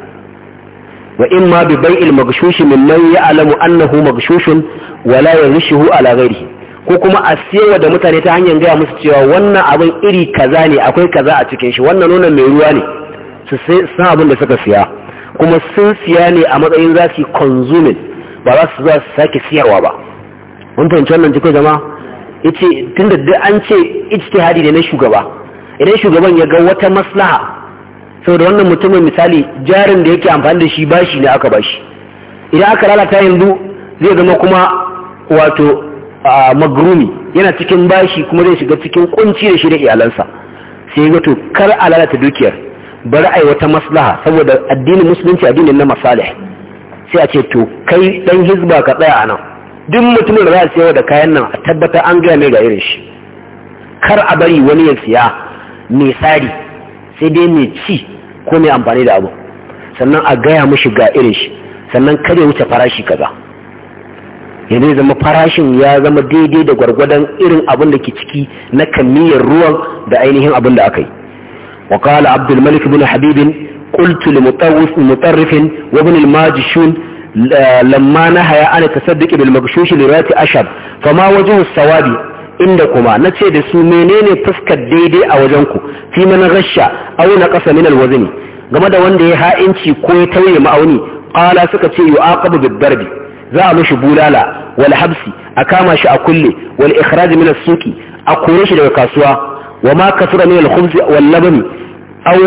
wa in ma bi bai'il magshush min ya alamu annahu magshushun wa la yarishuhu ala ko kuma a siyarwa da mutane ta hanyar gaya musu cewa wannan abin iri kaza ne akwai kaza a cikin shi wannan nuna mai ruwa ne su san abin da suka siya kuma sun siya ne a matsayin za su yi consuming ba za su za su sake siyarwa ba wani fahimci wannan jikin jama tun da duk an ce ijtihadi ne na shugaba idan shugaban ya ga wata maslaha saboda wannan mutumin misali jarin da yake amfani da shi bashi ne aka bashi idan aka lalata yanzu zai zama kuma wato magrumi yana cikin bashi kuma zai shiga cikin kunci da shi da iyalansa sai ga to kar a lalata dukiyar bari yi wata maslaha saboda addinin musulunci addinin na masalih sai a ce to kai dan hizba ka tsaya a nan. duk mutumin da za a siya da kayan nan a tabbatar an gaya mai ga irin shi kar a bari wani ya siya mai tsari sai dai mai ci ko mai amfani da abu sannan a gaya mushi ga irin shi sannan kar ya wuce farashi kaza yanzu zama farashin ya zama daidai da gwargwadon irin abin da ke ciki na kamiyyar ruwan da ainihin abin da aka yi وقال عبد الملك بن حبيب قلت لمطوف مطرف وابن الماجشون لما نهى عن التصدق بالمغشوش لرواية أشب فما وجه الصواب عندكما نتشي دسو منين فسكت ديدي أو جنكو في من غشى أو نقص من الوزن game da wanda ya ha'inci ko ya tauye ma'auni ƙala suka ce yi aqabu bidarbi za a mishi bulala wal habsi a kama shi a kulle wal ikhraj min as-suqi a kore shi daga kasuwa wa ma kasura min al-khubz wal laban aw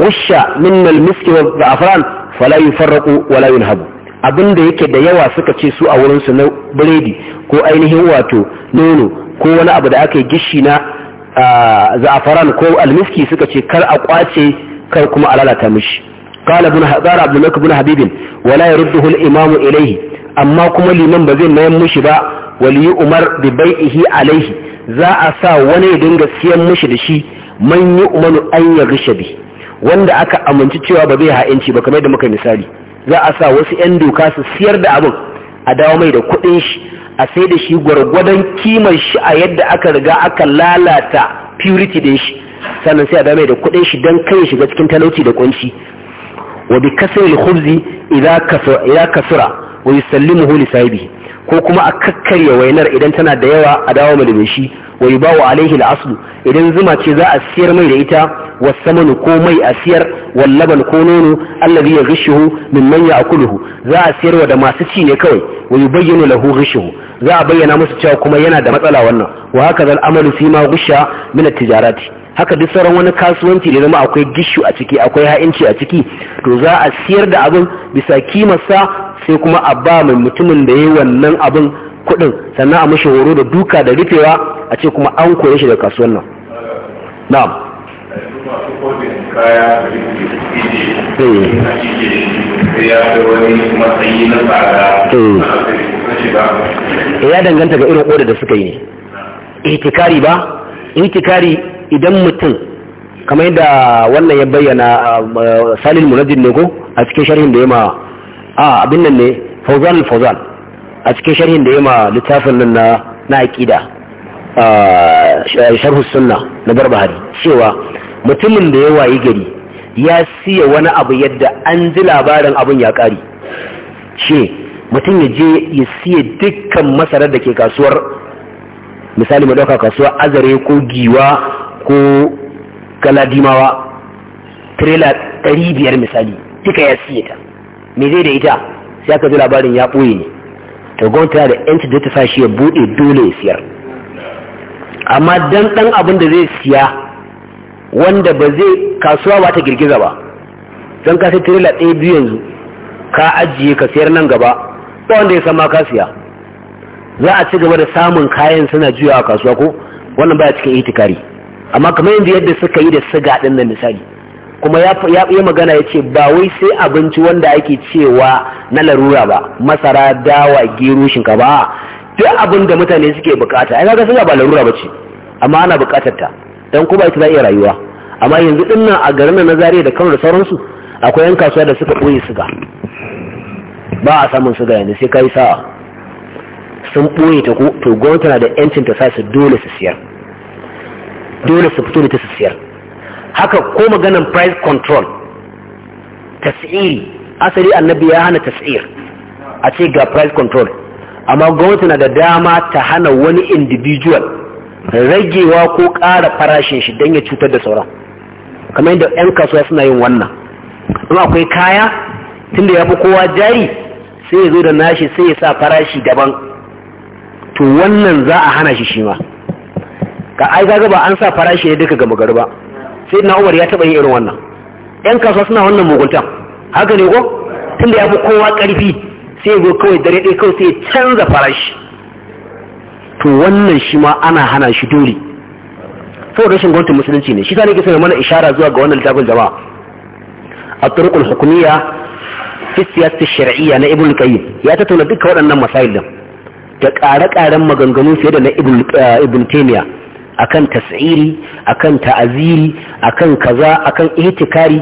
ghusha min al-misk wa za'afran fala wa la abinda yake da yawa suka ce su a wurin su na biredi ko ainihin wato nono ko wani abu da aka yi gishi na za'afaran ko almiski suka ce kar a kwace kar kuma a lalata mishi قال ابن قال عبد الملك بن حبيب ولا يرده الامام amma kuma liman ba zai mayan mishi ba wali umar bi bai'ihi alaihi za a sa wani ya dinga siyan mishi da shi man yi umaru an rishabi wanda aka amince cewa ba zai ha'inci ba kamar da muka misali za a sa wasu 'yan doka su siyar da abin a dawo mai da kuɗin shi a sai da shi gwargwadon kimar shi a yadda aka riga aka lalata purity din shi sannan sai a dawo mai da kuɗin shi don kai shiga cikin talauci da kunci wa bi kasar khubzi idza kasura wa yusallimuhu li sahibihi ko kuma a kakkarya wainar idan tana da yawa a dawo mai da shi wai ba wa alaihi al'aslu idan zuma ce za a siyar mai da ita wasamanu ko mai a siyar wallaban ko nono allazi ya gishihu mimman ya akuluhu za a siyar wa da masu ci ne kawai wai bayyana lahu gishihu za a bayyana musu cewa kuma yana da matsala wannan wa haka zal amalu fi ma gusha min tijarati haka duk sauran wani kasuwanci da zama akwai gishu a ciki akwai ha'inci a ciki to za a siyar da abin bisa kimarsa sai kuma a ba mai mutumin da ya yi wannan abin kuɗin sannan a mashi horo da duka da rufewa a ce kuma an koya shi da kasuwan nan na'am eh. Eh, ya danganta ga irin order da suka yi ne itikari ba itikari idan mutum kamar yadda wannan ya bayyana salil munajjid ne ko a cikin sharhin da ya a abin nan ne fauzan fauzan a cikin sharhin da ya ma littafin nan na na aqida sharhu sunna na barbahari cewa mutumin da ya wayi gari ya siya wani abu yadda an ji labarin abun ya kare ce mutum ya je ya siya dukkan masarar da ke kasuwar misali madauka kasuwar azare ko giwa ko galadimawa trela ɗari biyar misali duka ya siye ta me zai da ita sai aka ji labarin ya ɓoye ne ta gwamnati da yanci da ta sa ya buɗe dole ya siyar amma dan ɗan abin da zai siya wanda ba zai kasuwa ba ta girgiza ba don ka sai trela ɗaya biyu yanzu ka ajiye ka siyar nan gaba ba wanda ya sama ka siya za a ci gaba da samun kayan suna juyawa kasuwa ko wannan baya cikin itikari amma kamar yanzu yadda suka yi da siga ɗin da misali kuma ya yi magana ya ce ba wai sai abinci wanda ake cewa na larura ba masara dawa gero shinkafa duk abin da mutane suke bukata ai kaga siga ba larura ba ce amma ana bukatar ta dan kuma ita za iya rayuwa amma yanzu din nan a garin na Zariya da Kano da sauransu akwai yan kasuwa da suka boye siga ba a samun siga yanzu sai kai sa'a sun ɓoye ta ko to gwamnati na da yancin ta sa su dole su siyar dole su fito da su siyar haka ko maganan price control tasiri asali annabi ya hana tasir a ce ga price control amma gwamnati na da dama ta hana wani individual ragewa ko kara farashin shi don ya cutar da sauran kamar yadda 'yan kasuwa suna yin wannan kuma akwai kaya tunda ya fi kowa jari sai ya zo da nashi sai ya sa farashi daban to wannan za a hana shi shi ma ka ai ga ba an sa farashi ne duka gama gari ba sai na umar ya taba yin irin wannan yan kasuwa suna wannan mugunta haka ne ko tunda ya fi kowa karfi, sai go kawai dare ɗaya kawai sai canza farashi to wannan shi ma ana hana shi dole saboda rashin gwamnatin musulunci ne shi ta ne ke mana ishara zuwa ga wannan littafin jama'a a turkul hukumiya fi siyasa shari'iyya na ibn qayyim ya tattauna duka waɗannan masail da ƙare-ƙaren maganganu fiye da na ibn eh, taymiya akan tas'iri akan ta'aziri akan kaza akan ihtikari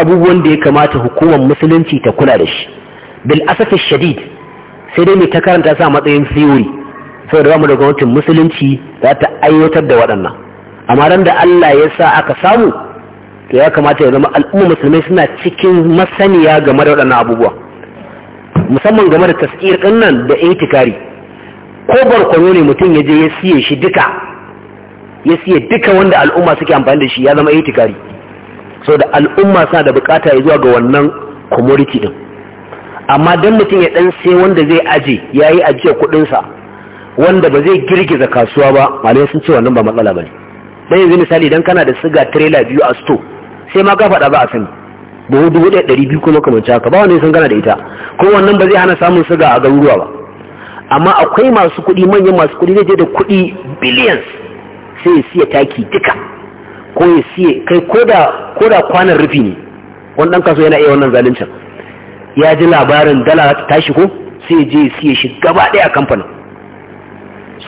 abubuwan da ya kamata hukumar musulunci ta kula da shi bil asafi shadid sai dai mai ta karanta sa matsayin theory saboda mu da gwamnatin musulunci za ta aiwatar da waɗannan amma ran da Allah ya sa aka samu to ya kamata ya zama al'umma musulmai suna cikin masaniya game da waɗannan abubuwa musamman game da tas'ir ɗin da itikari ko barkwano ne mutum ya je ya siye shi duka ya siya duka wanda al'umma suke amfani da shi ya zama itikari so da al'umma suna da bukata ya zuwa ga wannan commodity din amma don mutum ya dan sai wanda zai aje ya yi ajiya kudinsa wanda ba zai girgiza kasuwa ba malamai sun ce wannan ba matsala ba ne dan yanzu misali idan kana da siga trailer biyu a store sai ma ka faɗa ba a sani buhu dubu ɗaya ɗari biyu kuma kamar haka ba wani sun gana da ita ko wannan ba zai hana samun siga a garuruwa ba amma akwai masu kuɗi manyan masu kuɗi zai je da kuɗi billions sai ya siya taki duka ko ya siya kai ko da kwanan rufi ne wani ɗan kaso yana iya wannan zaluncin ya ji labarin dala ta tashi ko sai je siya shi gaba ɗaya kamfanin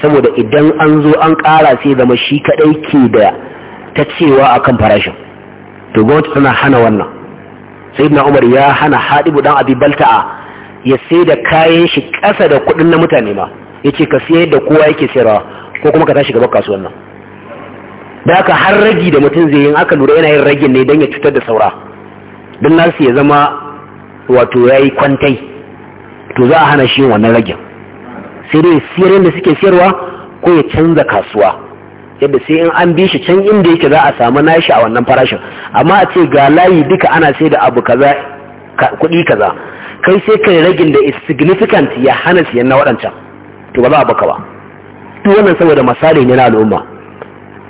saboda idan an zo an ƙara sai zama shi kaɗai ke da ta cewa a kan farashin to gwamnati tana hana wannan sai na umar ya hana haɗibu ɗan abi balta'a ya sai da kayan shi ƙasa da kuɗin na mutane ma ya ce ka siyar da kowa yake sayarwa ko kuma ka tashi gaba kasuwan nan da aka har ragi da mutum zai yi aka lura yana yin ragin ne don ya cutar da saura don nasu ya zama wato ya yi kwantai to za a hana shi yin wannan ragin sai dai siyar da suke siyarwa ko ya canza kasuwa yadda sai in an bi shi can inda yake za a samu nashi a wannan farashin amma a ce ga layi duka ana sai da abu kaza kuɗi kaza kai sai kai ragin da is significant ya hana siyan na waɗancan to ba za a baka ba duk wannan saboda misali ne na al'umma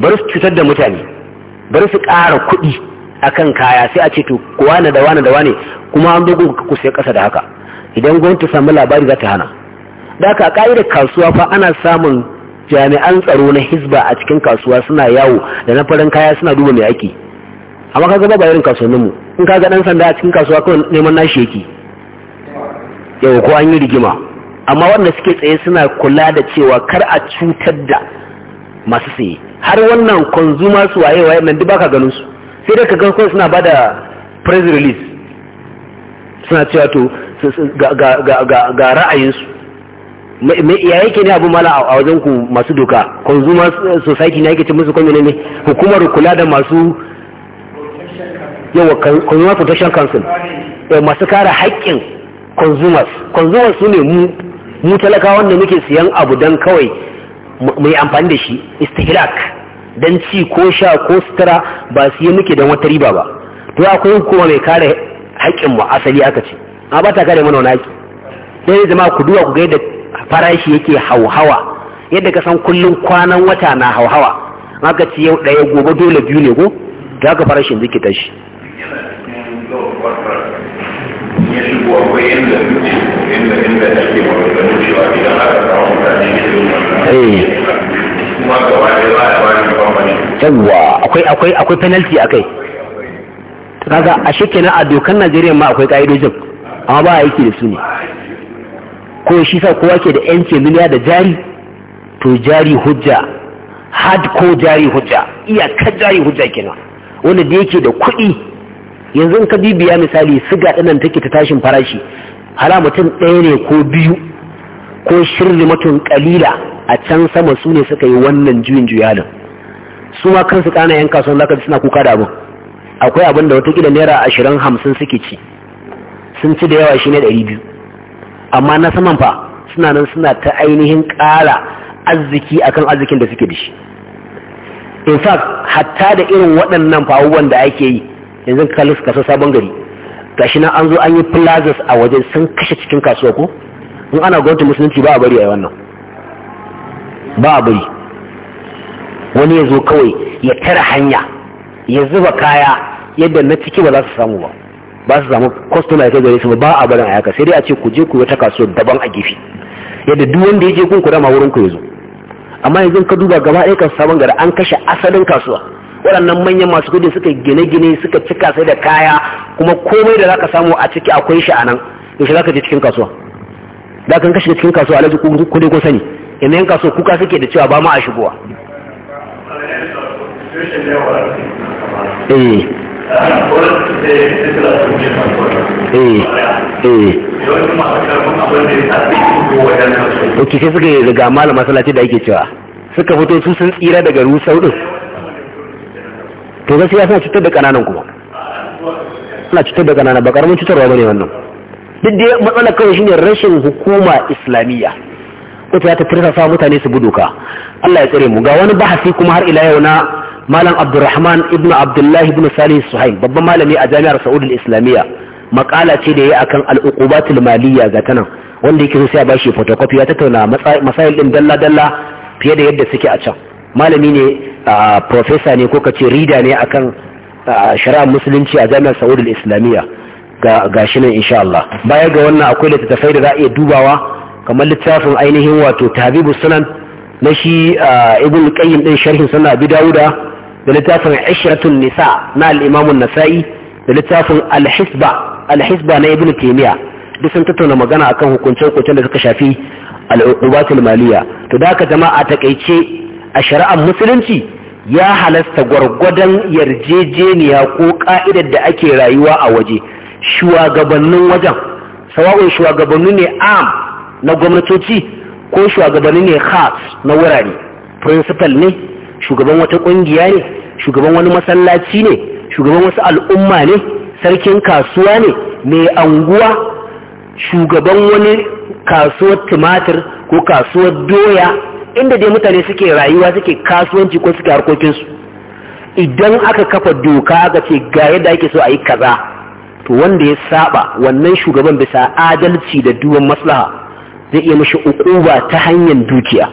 bari su cutar da mutane bari su ƙara kuɗi a kan kaya sai a ce to wane da wane da wane kuma an dogo ku sai ƙasa da haka idan gwamnati samu labari za ta hana da haka ƙa'idar kasuwa fa ana samun jami'an tsaro na hisba a cikin kasuwa suna yawo da na farin kaya suna duba mai ake amma kaga ba irin kasuwannin mu in kaga dan sanda a cikin kasuwa kawai neman nashi yake yau ko an yi rigima amma wanda suke tsaye suna kula da cewa kar a cutar da masu saye har wannan consumer su waye waye nan duk baka ganin su sai dai ka ga suna bada press release suna cewa to ga ra'ayin su, ya yake ne abu mala a wajen ku masu doka consumer society na yake ce musu kwamini ne hukumar kula da masu yawa consumer protection council eh, masu kare haƙƙin consumers consumers su ne mu talaka wanda muke siyan abu don kawai mu amfani da shi istihlak dan ci ko sha ko sutura ba su yi muke don wata riba ba to akwai hukuma mai kare haƙƙin mu asali aka ce a ba ta kare mana wani haƙƙi sai zama ku duba ku ga yadda farashi yake hauhawa yadda ka san kullum kwanan wata na hauhawa aka ce yau ɗaya gobe dole biyu ne ko da haka farashin zai kita shi ya inda inda ake mawa da cewa idan aka kawo mutane ne Eh. yawwa akwai akwai akwai penalty akai kaga a shekenan a dokan Najeriya ma akwai ka'idojin amma ba aiki da su ne ko shi sa kowa ke da yanci miliya da jari to jari hujja hard ko jari hujja iya ka jari hujja kenan wanda da yake da kuɗi yanzu in ka bibiya misali siga ɗanan take ta tashin farashi hala mutum ɗaya ne ko biyu ko shirri mutum ƙalila a can sama su ne suka yi wannan juyin juya juyalin su ma kansu kana yan kasuwan zaka suna kuka da abin akwai abin da watakila naira ashirin hamsin suke ci sun ci da yawa shi ne ɗari biyu amma na saman fa suna nan suna ta ainihin ƙara arziki akan arzikin da suke da shi in fact hatta da irin waɗannan fawuwan da ake yi yanzu su kaso sabon gari gashi na an zo an yi plazas a wajen sun kashe cikin kasuwa ko in ana gwamnati musulunci ba a bari a yi wannan ba a bari wani ya zo kawai ya tara hanya ya zuba kaya yadda na ciki ba za su samu ba ba su samu kwastoma ya kai su ba a barin a yaka sai dai a ce ku je ku wata kasuwar daban a gefe yadda duk wanda ya je kun kudama wurin ku ya zo amma yanzu ka duba gaba ɗaya kan sabon gari an kashe asalin kasuwa waɗannan manyan masu kudi suka gine-gine suka cika sai da kaya kuma komai da zaka samu a ciki akwai shi a nan yaushe zaka je cikin kasuwa da kan kashe cikin kasuwa alhaji kudi ko sani yanzu yanka so kuka suke da cewa ba ma a shigowa eh. Eh. eh ok sai suka riga malam masallaci da ake cewa suka fito su sun tsira daga rusau din to gaskiya suna cutar da kananan kuma suna cutar da kananan ba karamin cutarwa ba ne wannan duk da matsalar kawai shi ne rashin hukuma islamiyya wacce za ta tirsasa mutane su buduka Allah ya tsare mu ga wani bahasi kuma har ila yau na malam Abdulrahman ibnu Abdullahi ibnu Salih Suhaim babban malami a jami'ar Saudi islamiyya makala ce da yi akan al-uqubatul maliyya ga tana wanda yake so sai a bashi photocopy ya tattauna masail din dalla dalla fiye da yadda suke a can malami ne professor ne ko kace reader ne akan shari'ar musulunci a jami'ar Saudi islamiyya ga gashi nan insha Allah baya ga wannan akwai littattafai da za a iya dubawa kamar littafin ainihin wato tabibu sunan na shi ibn qayyim din sharhin sunan abi dauda da littafin ashratun nisa na al-imam an-nasa'i da littafin al-hisba al-hisba na ibn taymiya duk sun tattauna magana akan hukuncin hukuncen da suka shafi al-uqubatul maliya to da haka jama'a takeice a shari'ar musulunci ya halasta gwargwadon yarjejeniya ko ka'idar da ake rayuwa a waje shugabannin wajen sawa'un shugabanni ne am na gwamnatoci ko shugabanni ne khas na wurare principal ne shugaban wata kungiya ne shugaban wani masallaci ne shugaban wasu al'umma ne sarkin kasuwa ne mai anguwa shugaban wani kasuwar tumatir ko kasuwar doya inda dai mutane suke rayuwa suke kasuwanci ko suke harkokinsu idan aka kafa doka aka ce ga yadda ake so a yi kaza to wanda ya saba wannan shugaban bisa adalci da duwan maslaha zai iya mashi ukuba ta hanyar dukiya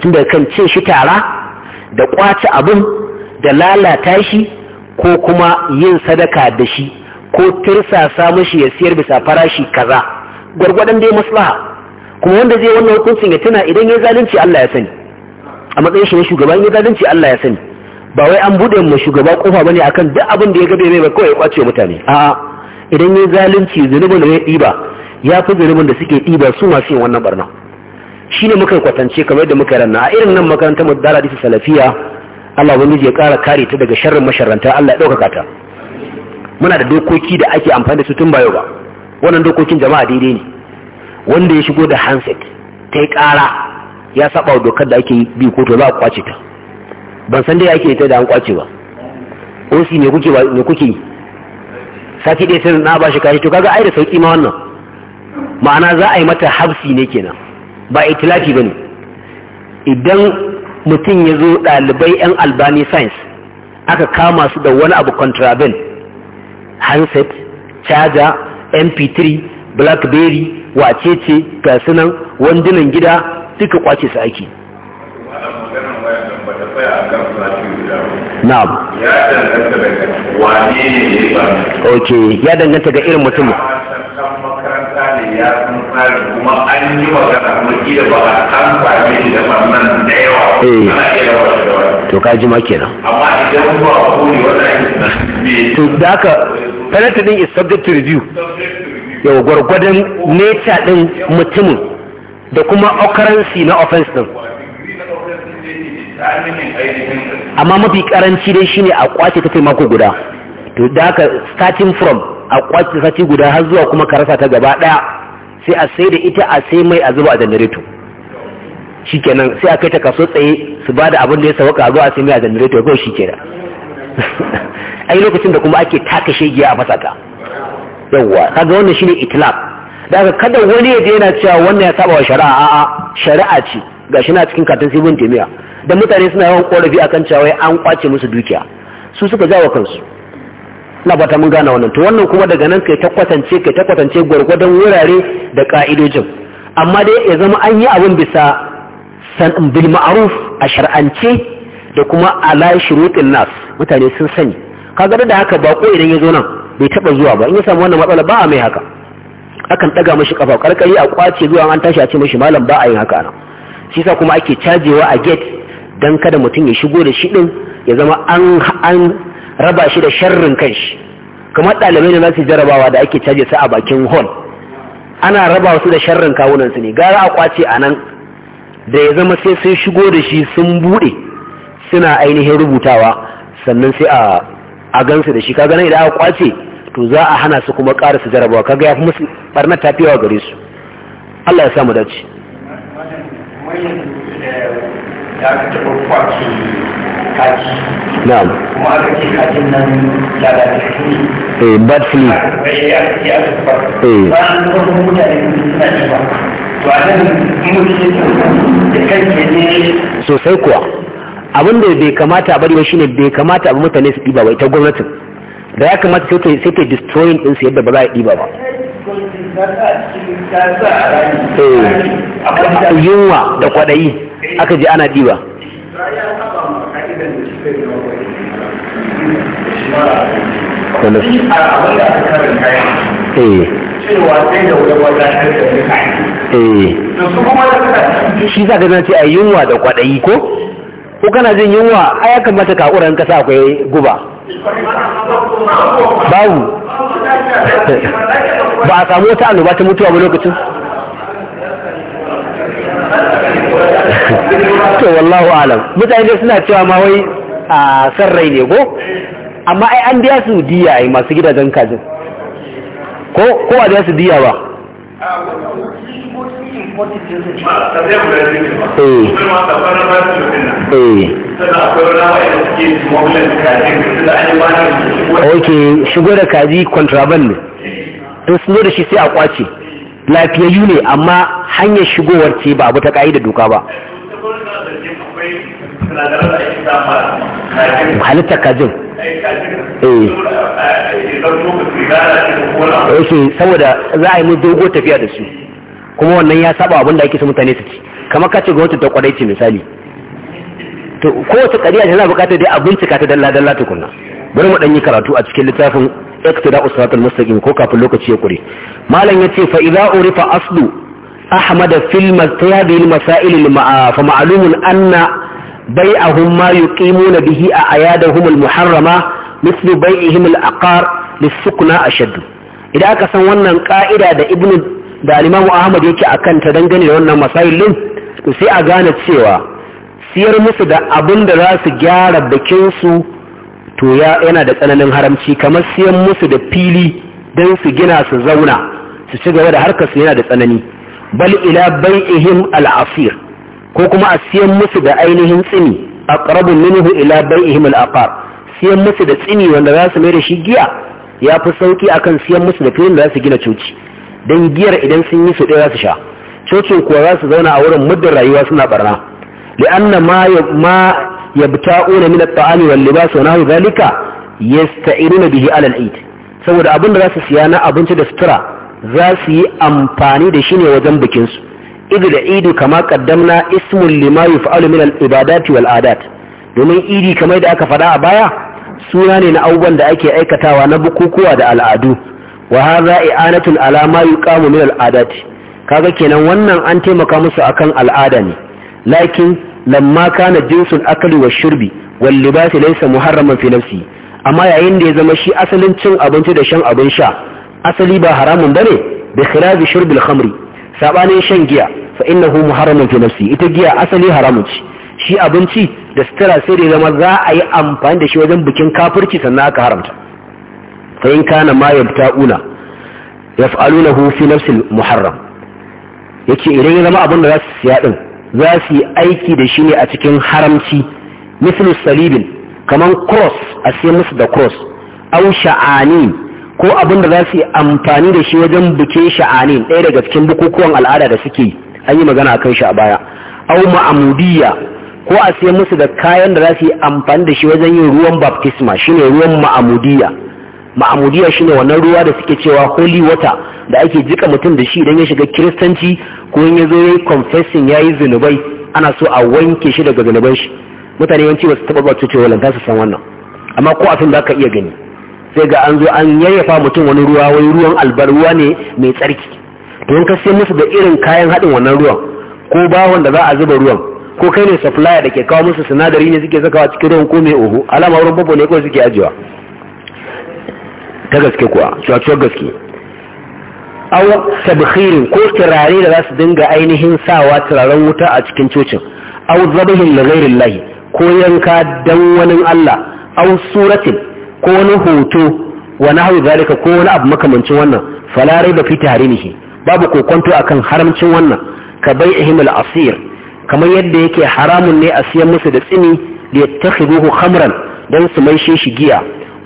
tun da kan ce shi tara da kwace abin da lalata shi ko kuma yin sadaka da shi ko tirsasa mashi ya siyar bisa farashi kaza gwargwadon dai maslaha kuma wanda zai wannan hukuncin ya tuna idan ya zalunci Allah ya sani a matsayin shi na shugaba ya zalunci Allah ya sani ba wai an bude mu shugaba kofa bane akan duk abin da ya gabe mai ba kawai ya kwace mutane a'a idan ya zalunci zunubin da ya ɗiba ya fi zunubin da suke ɗiba su masu yin wannan barna shi ne muka kwatance kamar yadda muka ranna a irin nan makarantar mu dara da salafiya Allah wani ya ƙara kare ta daga sharrin masharranta, Allah ya ɗaukaka ta muna da dokoki da ake amfani da su tun bayo ba wannan dokokin jama'a daidai ne wanda ya shigo da handset ta yi ƙara ya saba wa dokar da ake bi ko to za a kwace ta ban san dai ake ta da an kwace ba osi ne kuke ne kuke sati ɗaya sai na ba shi kashi to kaga ai da sauki ma wannan ma'ana za a yi mata habsi ne kenan ba a itilafi ba ne idan mutum ya zo ɗalibai 'yan albani science aka kama su da wani abu contravene handset charger mp3 blackberry wacece ga sunan wandunan gida duka kwace su aiki na'am ya danganta ga irin mutumin ya san tsarin kuma an yi wa magana kuma kila ba a kan same shi da wannan da yawa eh. ana iya rawa da wani to ka ji ma kenan amma idan ba a ku ne wannan to da aka penalty din is subject to review yau gwargwadon nature din mutumin da kuma occurrence na offense din amma mafi karanci dai shine a kwace ta mako guda to da haka starting from a kwace ta guda har zuwa kuma karasa ta gaba daya sai a sai da ita a sai mai a zuba a janareto shikenan sai a kai ta kaso tsaye su ba da abin da ya sauka a zuwa a sai mai a janareto ke da. ai lokacin da kuma ake taka shegiya a fasaka yawwa kaga wannan shine Da daga kada wani ya yana cewa wannan ya saba wa shari'a a'a shari'a ce gashi na cikin katin sibin timiya dan mutane suna yawan korafi akan cewa an kwace musu dukiya su suka jawo kansu na ba ta mun gane wannan to wannan kuma daga nan kai ta kwatance kai ta kwatance gwargwadon wurare da ka'idojin amma dai ya zama an yi abin bisa san bil ma'ruf a shar'ance da kuma ala shurutin nas mutane sun sani kaga da haka ba ko idan ya zo nan bai taba zuwa ba in ya samu wannan matsala ba a mai haka akan daga mashi kafa karkari a kwace zuwa an tashi a ce mashi malam ba a yin haka nan shi sa kuma ake cajewa a gate dan kada mutum ya shigo da shi din ya zama an an raba shi da sharrin kan shi, kamar ɗalibai ne za su jarabawa da ake caje su a bakin hall ana raba su da sharrin kawunansu ne gara a kwace a nan da ya zama sai sun shigo da shi sun buɗe suna ainihin rubutawa sannan sai a gansu da shi Ka gani idan a kwace to za a hana su kuma ƙara su jarabawa kaga ya fi musu barnar tafiyawa gare su Allah ya samu dace. kaji kuma aka ce kajin nan lalatattu da kanke ne sosai kuwa abin da bai kamata a bari ba shine bai kamata abu mutane su ɗiba ba ita gwamnatin da ya kamata sai ta sai ta destroying din su yadda ba za a ɗiba ba eh. yunwa da kwaɗayi aka je ana ɗiba Eh. shi sa gana ce a yunwa da kwaɗayi ko? ko kana jin yunwa a ya kamata ka'uran kasa akwai guba babu ba a samu wata annoba ta mutuwa ba lokacin to wallahu alam mutane suna cewa ma wai a san rai ne go amma ai an biya su diya ai masu gidajen kajin ko a biya su diya ba eh. ok shigo da kaji contraband ne to da shi sai a kwace lafiyayyu ne amma hanyar shigowar ce ba abu ta ka'ida doka ba halitta kajin eh, eh saboda za a yi dogo tafiya da su kuma wannan ya saba abin da ake mutane su ci kamar kace gwamnati ta ce misali to kowace kariya tana bukatar dai a bincika ta dalla dalla tukunna bari mu dan yi karatu a cikin littafin iqtida usratul mustaqim ko kafin lokaci ya kure malam yace fa idza urifa aslu ahmad fil masail fa ma'lumun anna بيعهم ما يقيمون به أعيادهم المحرمة مثل بيعهم الأقار للسكنى أشد إذا أكسن ونن قائدة دا ابن دا الإمام أحمد يكي أكن تدنجني ونن مسائل لن تسي gane سيوا siyar musu da abin da za su gyara bakinsu to yana da tsananin haramci kamar siyan musu da fili don su gina su zauna su ci gaba da harkarsu yana da tsanani bal ila bai'ihim al'asir ko kuma a siyan musu da ainihin tsini aqrabu minhu ila bai'ihim ihimal aqar siyan musu da tsini wanda za su mai da shi giya ya fi sauki akan siyan musu da filin da za su gina coci don giyar idan sun yi su ɗaya za su sha cocin kuwa za su zauna a wurin muddin rayuwa suna barna li'anna ma ma yabta'una min at-ta'ami wal libas wa nahwi dhalika yasta'inuna bihi ala al-eid saboda abin da za su siya na abinci da sutura za su yi amfani da shi ne wajen bikinsu Idi da idi kama kaddamna ismun lima yuf'alu min al-ibadati domin idi kamar da aka faɗa a baya suna ne na abubuwan da ake aikatawa na bukukuwa da al'adu wa hadha i'anatun ala ma yuqamu min al kaga kenan wannan an taimaka musu akan al'ada ne lakin lamma kana jinsul akli wa shurbi wal libas laysa muharraman fi nafsi amma yayin da ya zama shi asalin cin abinci da shan abin sha asali ba haramun bane bi khilafi shurbil khamri sabanin shan giya fa innahu muharramun fi nafsi ita giya asali haramun ce shi abinci da sutura sai da zama za a yi amfani da shi wajen bikin kafirci sannan aka haramta fa in kana ma yabta'una yaf'alunahu fi nafsil muharram yake idan ya zama abin da za su siya din za su yi aiki da shi ne a cikin haramci mislu salibin kaman cross a sai musu da cross au sha'ani, ko abin da za su yi amfani da shi wajen bikin sha'anin ɗaya daga cikin bukukuwan al'ada da suke yi an yi magana a kan shi a baya au ma'amudiyya ko a sai musu da kayan da za su yi amfani da shi wajen yin ruwan baptisma shine ruwan ma'amudiyya ma'amudiyya shine wannan ruwa da suke cewa holy water da ake jika mutum da shi idan ya shiga kiristanci ko in ya zo ya yi confessing ya yi zunubai ana so a wanke shi daga zunuban shi mutane yanci ba su taɓa ba cewa lantar su san wannan amma ko abin da ka iya gani sai ga an zo an yayyafa mutum wani ruwa wai ruwan albar ne mai tsarki to ka sai musu da irin kayan haɗin wannan ruwan ko bawon da za a zuba ruwan ko kai ne supplier da ke kawo musu sinadari ne suke sakawa cikin ruwan ko mai oho alama wurin babu ne kawai suke ajiyewa ta gaske kuwa cuwacuwar gaske aw tabkhirin ko turare da za su dinga ainihin sawa turaren wuta a cikin cocin au zabihin gairin lahi ko yanka dan wani Allah au suratin ko wani hoto wa hau zalika ko wani abu makamancin wannan falarai raiba fi tahrimihi babu kokonto akan haramcin wannan ka bai ihimul asir kamar yadda yake haramun ne a siyan musu da tsini da yattakhiduhu khamran dan su maishe shi giya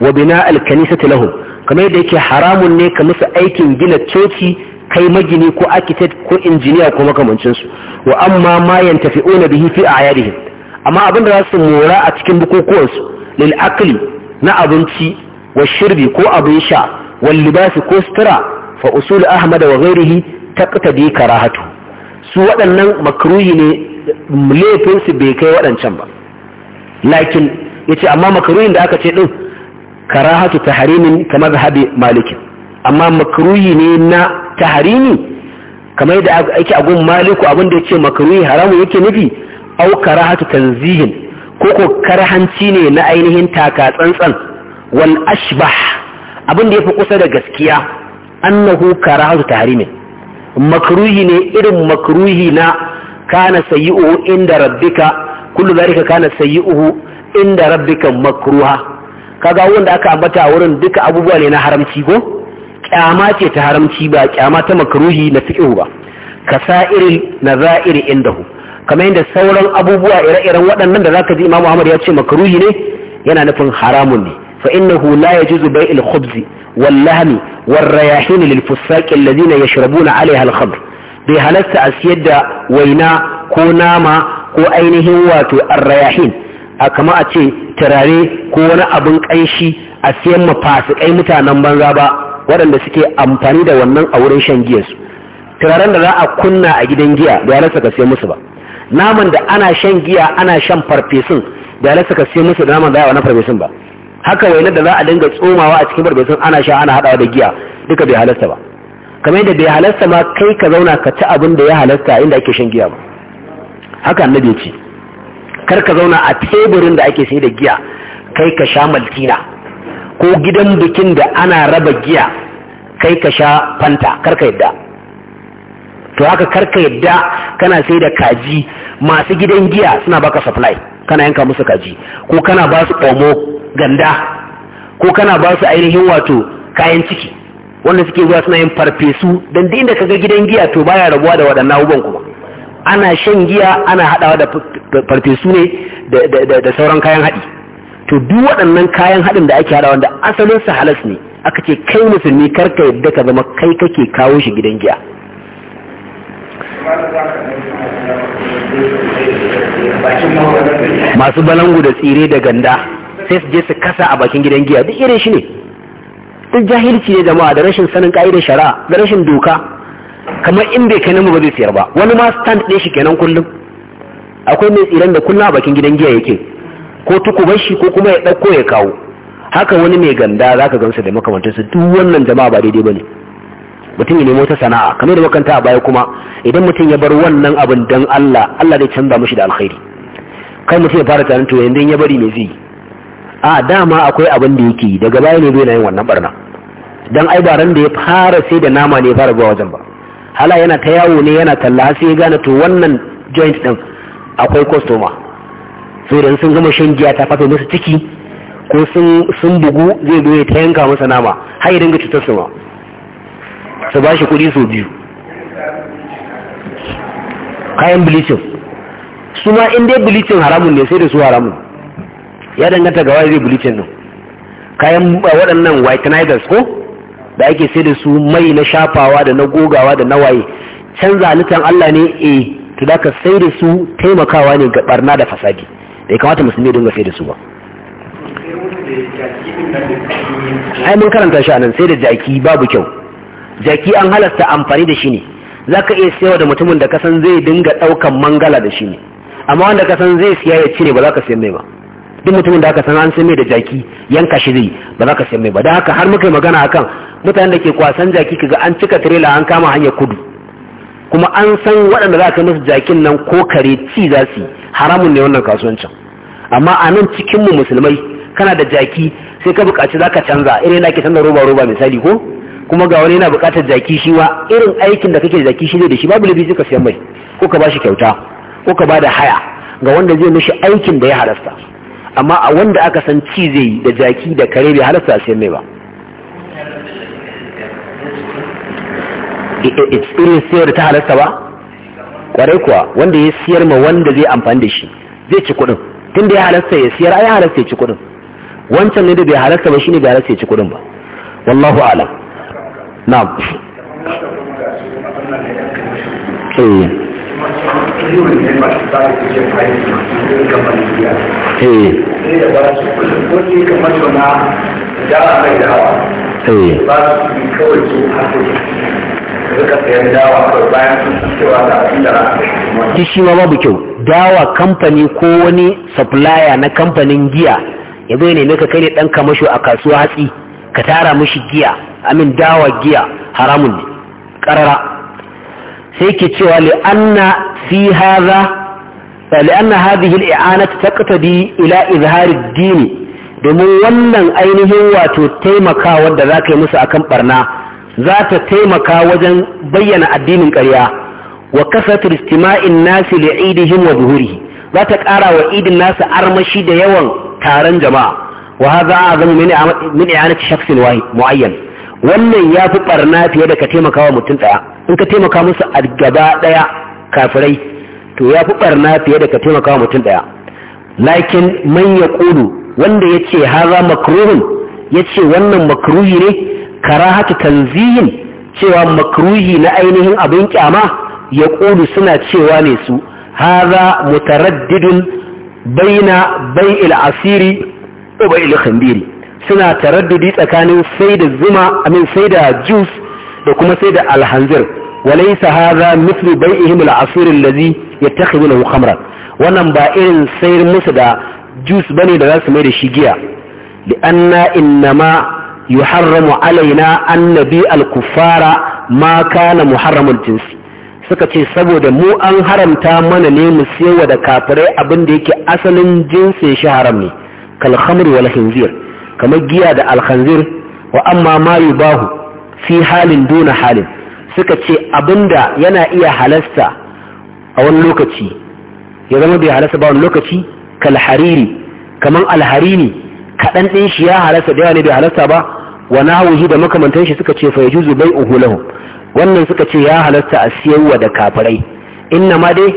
wa bina alkanisati lahu, kamar yadda yake haramun ne ka musu aikin gina coci kai magini ko architect ko injiniya ko makamancin su wa amma ma yantafi'una bihi fi a'yadihim amma abin da za su mora a cikin bukukuwan su lil akli na abinci wa shirbi ko abin sha wal libasi ko sutura fa usul ahmad wa ghairihi taqtadi karahatu su waɗannan makruhi ne laifin su bai kai waɗancan ba lakin yace amma makruhin da aka ce din karahatu tahrimin kama zahabi malikin amma makruhi ne na tahrimi kamar yadda ake agun maliku abinda ya ce makaruhi haramu yake nufi au karahatu tanzihin ko ko karhanci ne na ainihin taka tsantsan wal ashbah abinda ya fi kusa da gaskiya annahu karahu tahrimin makruhi ne irin makruhi na kana sayyi'uhu inda rabbika kullu zalika kana sayyi'uhu inda rabbika makruha kaga wanda aka ambata wurin duka abubuwa ne na haramci ko kyama ce ta haramci ba kyama ta makruhi na fiqhu ba kasa'iril nazairi indahu kamar yadda sauran abubuwa ire-iren waɗannan da zaka ji Imam muhammad ya ce makruhi ne yana nufin haramun ne hula فإنه لا يجوز بيع الخبز واللهم والرياحين للفساق الذين يشربون عليها الخمر bai halarta a siyar da waina ko nama ko ainihin wato arrayahin a kama a ce turare ko wani abin ƙanshi a siyan mafasikai mutanen banza ba waɗanda suke amfani da wannan a wurin shan giyarsu turaren da za a kunna a gidan giya bai halasta ka siya musu ba naman da ana shan giya ana shan farfesun bai halasta ka siya musu da naman da yawa na farfesun ba haka wainar da za a dinga tsomawa a cikin barbesun ana sha ana hadawa da giya duka bai halasta ba kamar yadda bai halasta ma kai ka zauna ka ci abin da ya halasta inda ake shan giya ba haka annabi ya ce kar ka zauna a teburin da ake sai da giya kai ka sha maltina ko gidan bikin da ana raba giya kai ka sha fanta kar ka yadda to haka kar ka yadda kana sai da kaji masu gidan giya suna baka supply kana yanka musu kaji ko kana ba su omo ganda ko kana ba su ainihin wato kayan ciki wanda suke zuwa suna yin farfesu don da inda kaga gidan giya to baya rabuwa da waɗannan abubuwan kuma ana shan giya ana haɗawa da farfesu ne da sauran kayan haɗi to duk waɗannan kayan haɗin da ake haɗawa wanda asalin su halas ne aka ce kai musulmi kar karka yadda ka zama kai kake kawo shi gidan giya masu balangu da tsire da ganda sai su je su kasa a bakin gidan giya duk irin shi ne duk jahilci ne jama'a da rashin sanin ka'idar shari'a da rashin doka kamar in bai kai mu ba zai siyar ba wani ma stand ɗin shi kenan kullum akwai mai tsiran da kullum a bakin gidan giya yake ko tukuban shi ko kuma ya ɗauko ya kawo haka wani mai ganda za ka gamsa da makamantarsa duk wannan jama'a ba daidai ba ne mutum ya nemo ta sana'a kamar da makanta a baya kuma idan mutum ya bar wannan abin don Allah Allah zai canza mushi da alkhairi kai mutum ya fara tunanin to yanzu ya bari me zai yi a dama akwai abin da yake daga baya ne zai na yin wannan barna Don ai ba da ya fara sai da nama ne fara zuwa wajen ba hala yana ta yawo ne yana talla sai ya gane to wannan joint din akwai kostoma so da sun gama shan giya ta fafe musu ciki ko sun bugu zai zo ya ta yanka masa nama har ya dinga cutar su ma su ba shi kuɗi sau biyu kayan bilicin su ma in dai bilicin haramun ne sai da su haramun ya danganta ga wajen bleaching din kayan waɗannan whitenizers ko da ake sai da su mai na shafawa da na gogawa da na waye canza halittar Allah ne eh to da ka sai da su taimakawa ne ga barna da fasadi da ya kamata musulmi dinga sai da su ba ai mun karanta shi anan sai da jaki babu kyau jaki an halasta amfani da shi ne za ka iya sayawa da mutumin da kasan zai dinga ɗaukan mangala da shi ne amma wanda kasan zai siya ya cire ba za ka siya mai ba duk mutumin da aka san an san mai da jaki yanka shi zai ba za ka san mai ba da haka har muka yi magana akan mutanen da ke kwasan jaki kaga an cika tirela an kama hanyar kudu kuma an san waɗanda za ka musu jakin nan ko kare ci za su haramun ne wannan kasuwancin amma a nan cikinmu musulmai kana da jaki sai ka buƙaci za ka canza irin na ke canza roba roba misali ko kuma ga wani yana buƙatar jaki shi wa irin aikin da kake da jaki shi zai da shi babu labi sai ka siyan mai ko ka ba shi kyauta ko ka ba da haya ga wanda zai mishi aikin da ya halasta amma a wanda aka san ci zai yi da jaki da kare bai halasta sai mai ba irin siyar da ta halasta ba kwarai kuwa wanda ya siyar ma wanda zai amfani da shi zai ci kuɗin tun da ya halasta ya siyar ai halasta ya ci kuɗin wancan ne da bai halasta ba shine bai halasta ya ci kuɗin ba wallahu alam na'am eh shi ma babu kyau dawa kamfani ko wani supplier na kamfanin giya ya zai ne kai kai dan kamasho a kasuwa hatsi ka tara mashi giya amin dawa giya haramun ne ƙarara sai ke cewa li'anna fi hadha li'anna hadhihi al'anatu taqtadi ila izhari ad-din domin wannan ainihin wato taimakawa da zaka yi musu akan barna za ta taimaka wajen bayyana addinin ƙarya wa kasat istima'in nasi li'idihim wa zuhurihi za ta ƙara wa idin nasu armashi da yawan taron jama'a wa hadha azamu min i'anati shakhsin muayyan wannan ya fi barna fiye da ka taimaka wa mutum ɗaya in ka taimaka musu a gaba ɗaya kafirai to ya fi barna fiye da ka taimaka wa mutum ɗaya lakin manya ya ƙudu wanda ya ce haza makruhun ya ce wannan makruhi ne kara karahatu tanzihin cewa makruhi na ainihin abin kyama ya ƙudu suna cewa ne su haza mutaraddidun baina bai'il asiri ko bai'il khandiri suna taraddudi tsakanin sai da zuma amin sai da jus da kuma sai da alhanzir walaysa hadha mithlu bai'ihim al-asir allazi yattakhidhuhu khamran wannan ba irin sayar musu da jus bane da zasu mai da shi giya li'anna innama yuharramu alaina annabi al-kuffara ma kana muharramul jinsi suka ce saboda mu an haramta mana ne mu siyowa da kafirai abin da yake asalin jinsin shi haram ne kal khamr wal khinzir kamar giya da alkhanzir wa amma mayu bahu fi halin duna halin suka ce abinda yana iya halasta a wani lokaci ya zama bai halasta ba wani lokaci kalhariri kaman alharini kaɗan ɗin shi ya halasta da yawa ne bai halasta ba wa nahawihi da makamantan shi suka ce fa yajuzu bai'uhu lahum wannan suka ce ya halasta a siyarwa da kafirai inna ma dai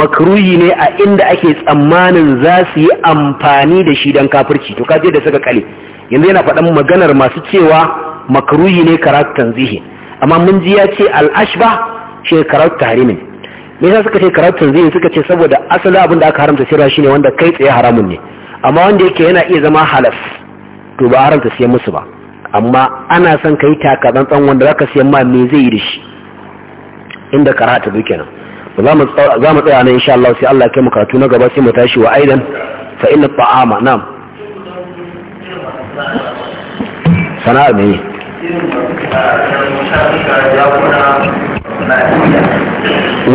makruhi ne a inda ake tsammanin za su yi amfani da shi don kafirci to kaje da suka kale yanzu yana faɗan maganar masu cewa makaruhi ne karatu tanzihi amma mun ji ya ce al'ashba shi karatu tahrimin me yasa suka ce karatu tanzihi suka ce saboda asali abin da aka haramta sayarwa shine wanda kai tsaye haramun ne amma wanda yake yana iya zama halaf to ba haramta siyan musu ba amma ana son kai taka tsantsan wanda zaka siyan ma me zai yi da shi inda karatu bi kenan za mu tsaya nan insha Allah sai Allah ya kai mu karatu na gaba sai mu tashi wa aidan fa inna ta'ama na'am sana'a me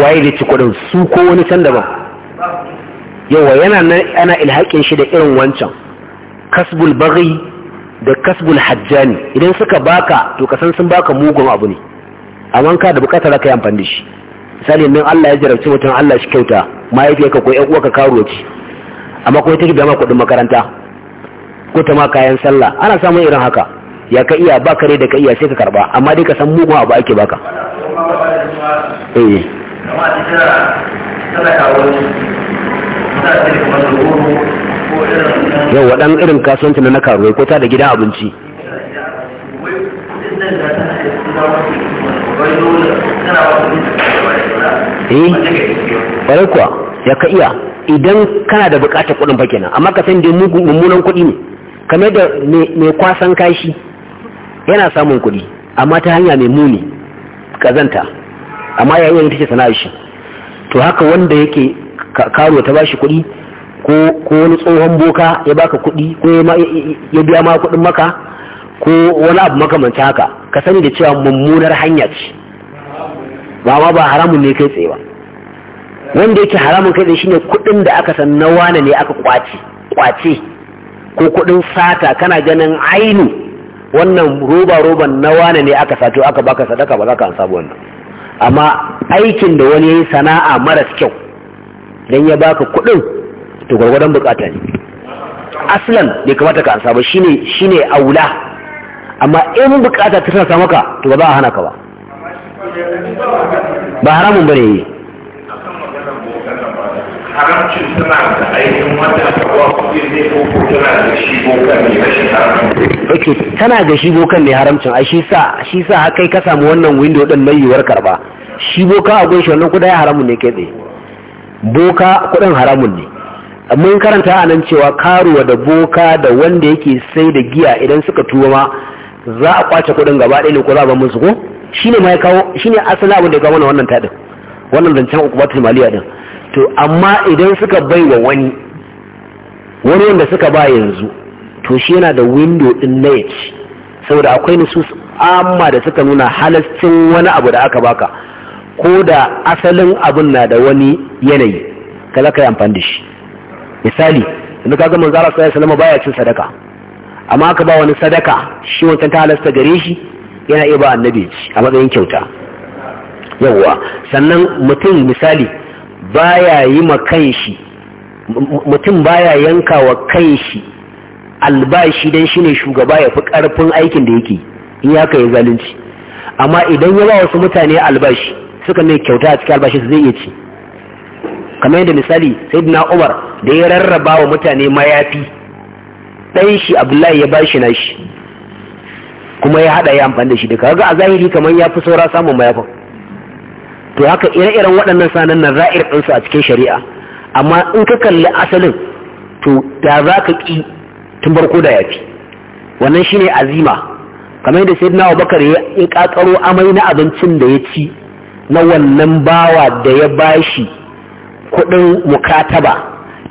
waye da ci kudin su ko wani can daban yawa yana ana ilhaƙin shi da irin wancan kasbul bari da kasbul hajjani idan suka baka to kasan sun baka mugun abu ne amma ka da bukatar ka yi amfani da shi misali nan Allah ya jarabci mutum Allah shi kyauta mahaifiyarka ko ƴan uwarka karuwa ce amma kuma take biya ma kuɗin makaranta ko ta ma kayan sallah ana samun irin haka ya ka iya ba kare da ka iya sai ka karba amma dai ka san mugun abu ake baka eh. yau waɗan irin kasuwanci na karuwai ko ta da gidan abinci eh kuwa ya ka iya idan kana da bukatar kuɗin fa amma ka san dai mummunan kuɗi ne kame da mai kwasan kashi yana samun kuɗi amma ta hanya mai muni kazanta amma yayin da take sana'ar shi to haka wanda yake karo ta bashi kuɗi ko wani tsohon boka ya baka kuɗi ko ya biya ma kuɗin maka ko wani abu makamanci haka ka sani da cewa mummunar hanya ce ba ma ba haramun ne kai tsaye ba wanda yake haramun kai tsaye shine kuɗin da aka san na wane ne aka kwace kwace ko kuɗin sata kana ganin ainu wannan roba-roban na wane ne aka sato aka baka sadaka ba za ka ansa wannan amma aikin da wani yayi sana'a maras kyau dan ya baka kuɗin to gwargwadon bukata ne aslan bai kamata ka ansa ba shine shine aula amma in bukata ta sa maka to ba za a hana ka ba ba haramun bane yi haramcin suna da ainihin wata kawo kuɗi ne ko ko tana da shi bokan ne rashin haramcin. ok tana da shi bokan ne haramcin ai shi sa shi sa haka ka samu wannan window din mai yiwuwar karba shi boka a gunshi wannan kuɗa ya haramun ne kai tsaye boka kuɗin haramun ne mun karanta a nan cewa karuwa da boka da wanda yake sai da giya idan suka tuwa ma za a kwace kuɗin gaba ɗaya ne ko za a musu ko shine ma ya kawo shine asali abin da ya kawo mana wannan taɗin. wannan zancen ukubatul maliya din to amma idan suka bai wa wani wani wanda suka ba yanzu to shi yana da window din na yaci saboda akwai nusus amma da suka nuna halascin wani abu da aka baka ko da asalin abin na da wani yanayi ka zaka yi amfani da shi misali inda ka gama zara sai salama baya cin sadaka amma aka ba wani sadaka shi wancan ta halasta gare shi yana iya ba annabi a matsayin kyauta yawwa sannan mutum misali baya yi ma kanshi mutum baya yanka wa shi albashi dan shine shugaba ya fi karfin aikin da yake in ya kai zalunci amma idan ya ba wasu mutane albashi suka ne kyauta a cikin albashi zai iya ci kamar yadda misali sayyidina Umar da ya rarraba wa mutane mayafi ɗan shi Abdullahi ya bashi shi, kuma ya hada ya amfani da shi duka kaga a zahiri kamar ya fi saura samun mayafin to haka ire-iren waɗannan sanan na za'ir ɗinsu a cikin shari'a amma in ka kalli asalin to da za ka ƙi tun barko da yafi wannan shine azima kamar da sayyidina Abubakar ya ƙaƙaro amai na abincin da ya ci na wannan bawa da ya bashi kuɗin mukataba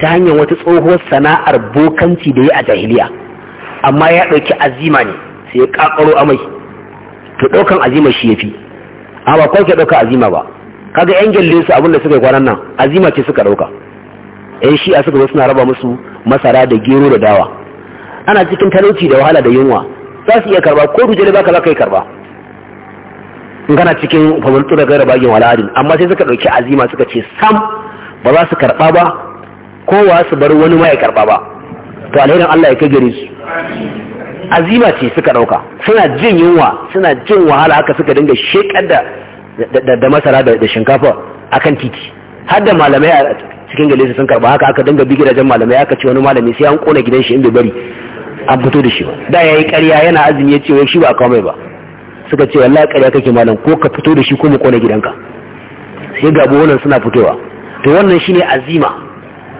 ta hanyar wata tsohuwar sana'ar bokanci da ya a jahiliya amma ya ɗauki azima ne sai ya ƙaƙaro amai to ɗaukan azima shi ya fi amma kawai ke ɗauka azima ba kaga yan gyalle su abinda suka yi kwanan nan azima ce suka dauka yan shi'a suka zo suna raba musu masara da gero da dawa ana cikin talauci da wahala da yunwa za su iya karba ko rujele baka za ka yi karba in kana cikin famantu da gaira bagin wal'adin amma sai suka dauki azima suka ce sam ba za su karba ba kowa su bar wani ma ya karba ba to alherin Allah ya kai gare su azima ce suka dauka suna jin yunwa suna jin wahala haka suka dinga shekar da da masara da shinkafa akan titi har da malamai a cikin galisa sun karba haka aka dinga bi jan malamai aka ce wani malami sai an kona gidan shi in bai bari an fito da shi ba da yayi ƙarya yana azumi ya ce wai shi ba kawo mai ba suka ce wallahi ƙarya kake malam ko ka fito da shi ko mu kona gidanka sai ga wannan suna fitowa to wannan shine azima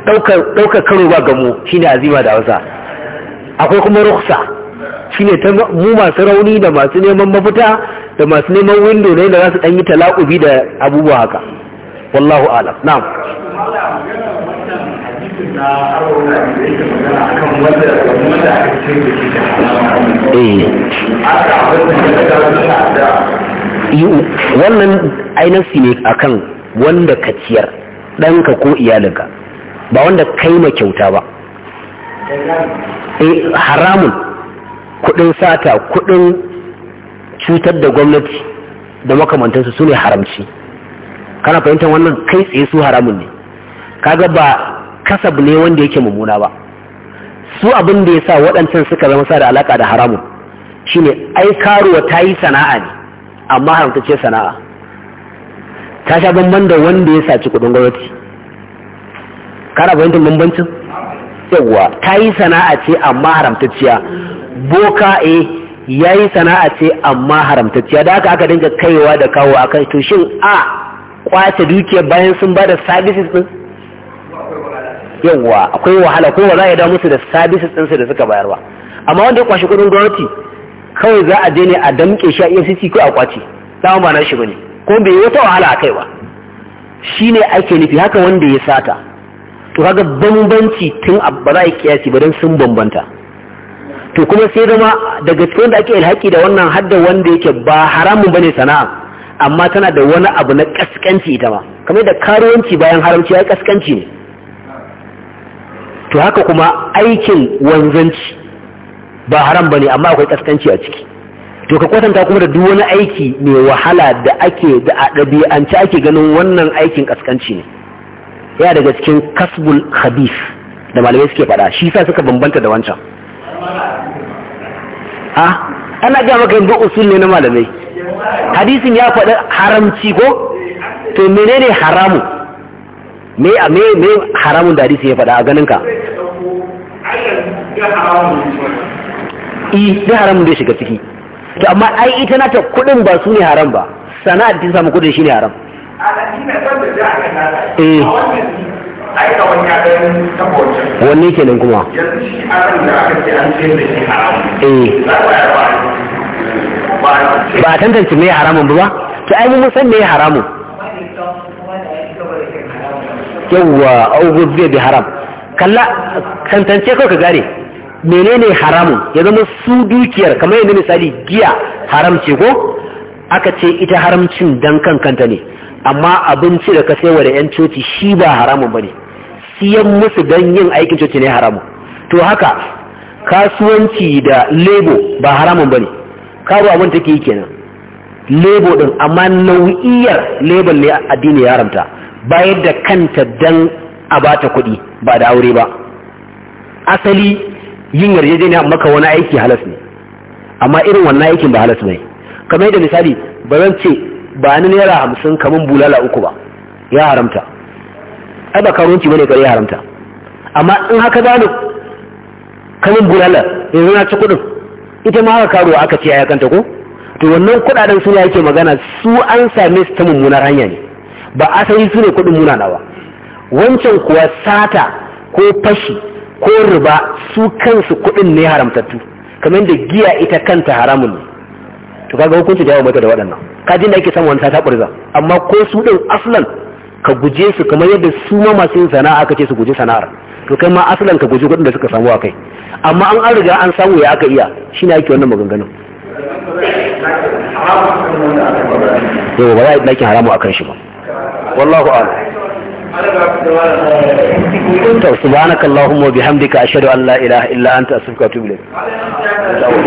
daukar daukar karo ba gamo shine azima da Hausa akwai kuma rukhsa shine ta mu masu rauni da masu neman mafita da masu neman windo ne da za su ɗanyi talaƙubi da abubuwa haka wallahu alam na'am eh. wannan ainihi ne akan wanda ka ciyar ɗanka ko iyalinka ba wanda kai ma kyauta ba eh, haramun kudin sata kudin cutar da gwamnati da makamantansu su ne haramci kana fahimtar wannan kai tsaye su haramun ne kaga ba kasab ne wanda yake mummuna ba su abin da ya sa waɗancan suka zama sa da alaƙa da haramun shine ai karuwa ta yi sana'a ne amma haramtacce sana'a ta sha bambam da wanda ya saci kudin gwamnati kana fahimtar bambancin yawwa ta yi sana'a ce amma haramtacciya boka eh ya yi sana'a ce amma haramtacciya da aka aka dinga kaiwa da kawo a kan to shin a kwace dukiya bayan sun ba da services ɗin yawwa akwai wahala ko za a da musu da services ɗinsu da suka bayarwa amma wanda ya kwashe kudin gwamnati kawai za a je ne a damƙe shi a efcc ko a kwace dama ba na shi bane ko bai yi wata wahala a kai ba shi ne ake nufi haka wanda ya sata to kaga bambanci tun ba za a yi kiyasi ba don sun bambanta to kuma sai zama daga cikin da ake ilhaki da wannan hadda wanda yake ba haramun bane sana'a amma tana da wani abu na kaskanci ita ma kamar da karuwanci bayan haramci ya kaskanci ne to haka kuma aikin wanzanci ba haram bane amma akwai kaskanci a ciki to ka kwatanta kuma da duk wani aiki mai wahala da ake da a ɗabi'ance ake ganin wannan aikin kaskanci ne yana daga cikin kasbul khabith da malamai suke faɗa shi sa suka bambanta da wancan ha ana ga maka yanzu usul ne na malamai hadisin ya faɗi haramci ko to menene haramu me me me haramun da hadisi ya faɗa a ganin ka i eh, da haramun da shiga ciki to amma ai ita na ta kudin ba su ne haram ba sana'ar da ta samu kudin shine haram eh wanne kenan kuma ba a tantance mai haramun ba to ai mun san mai haramun yawwa augur zai bi haram kalla tantance kawai ka gane menene haramun ya zama su dukiyar kamar yadda misali giya haram ce ko aka ce ita haramcin dan kankanta ne amma abinci da ka saiwa da 'yan coci shi ba haramun ba ne siyan musu don yin aikin coci ne haramu to haka kasuwanci da lebo ba haramun ba ne karo abin take yi kenan lebo din amma nau'iyar lebo ne addini ya haramta bayar da kanta don a bata kuɗi ba da aure ba asali yin yarjejeniya maka wani aiki halas ne amma irin wannan aikin ba halas bai kamar yadda misali ba zan ce ba ni naira hamsin kamun bulala uku ba ya haramta ai ba karuwanci bane kare haramta amma in haka zanu kanin bulala yanzu na ci kuɗin ita ma haka karuwa aka ce a ko to wannan kudaden kuɗaɗen suna yake magana su an same su ta mummunar hanya ne ba asali su ne kudin munana ba wancan kuwa sata ko fashi ko riba su kansu kuɗin ne haramtattu kamar da giya ita kanta haramun ne to kaga hukunci da yawa mata da waɗannan kajin da ake samu wani sata ƙurza amma ko su ɗin aslan ka guje su kamar yadda su ma masu yin sana'a aka ce su guje sana'ar to kai ma asalan ka guje gudun da suka samu a kai amma an an riga an samu ya aka iya shi ne ake wannan maganganun yau ba za a yi ɗakin haramu kan shi ba wallahu a'lam subhanakallahumma wa bihamdika ashhadu an la ilaha illa anta astaghfiruka wa atubu ilayk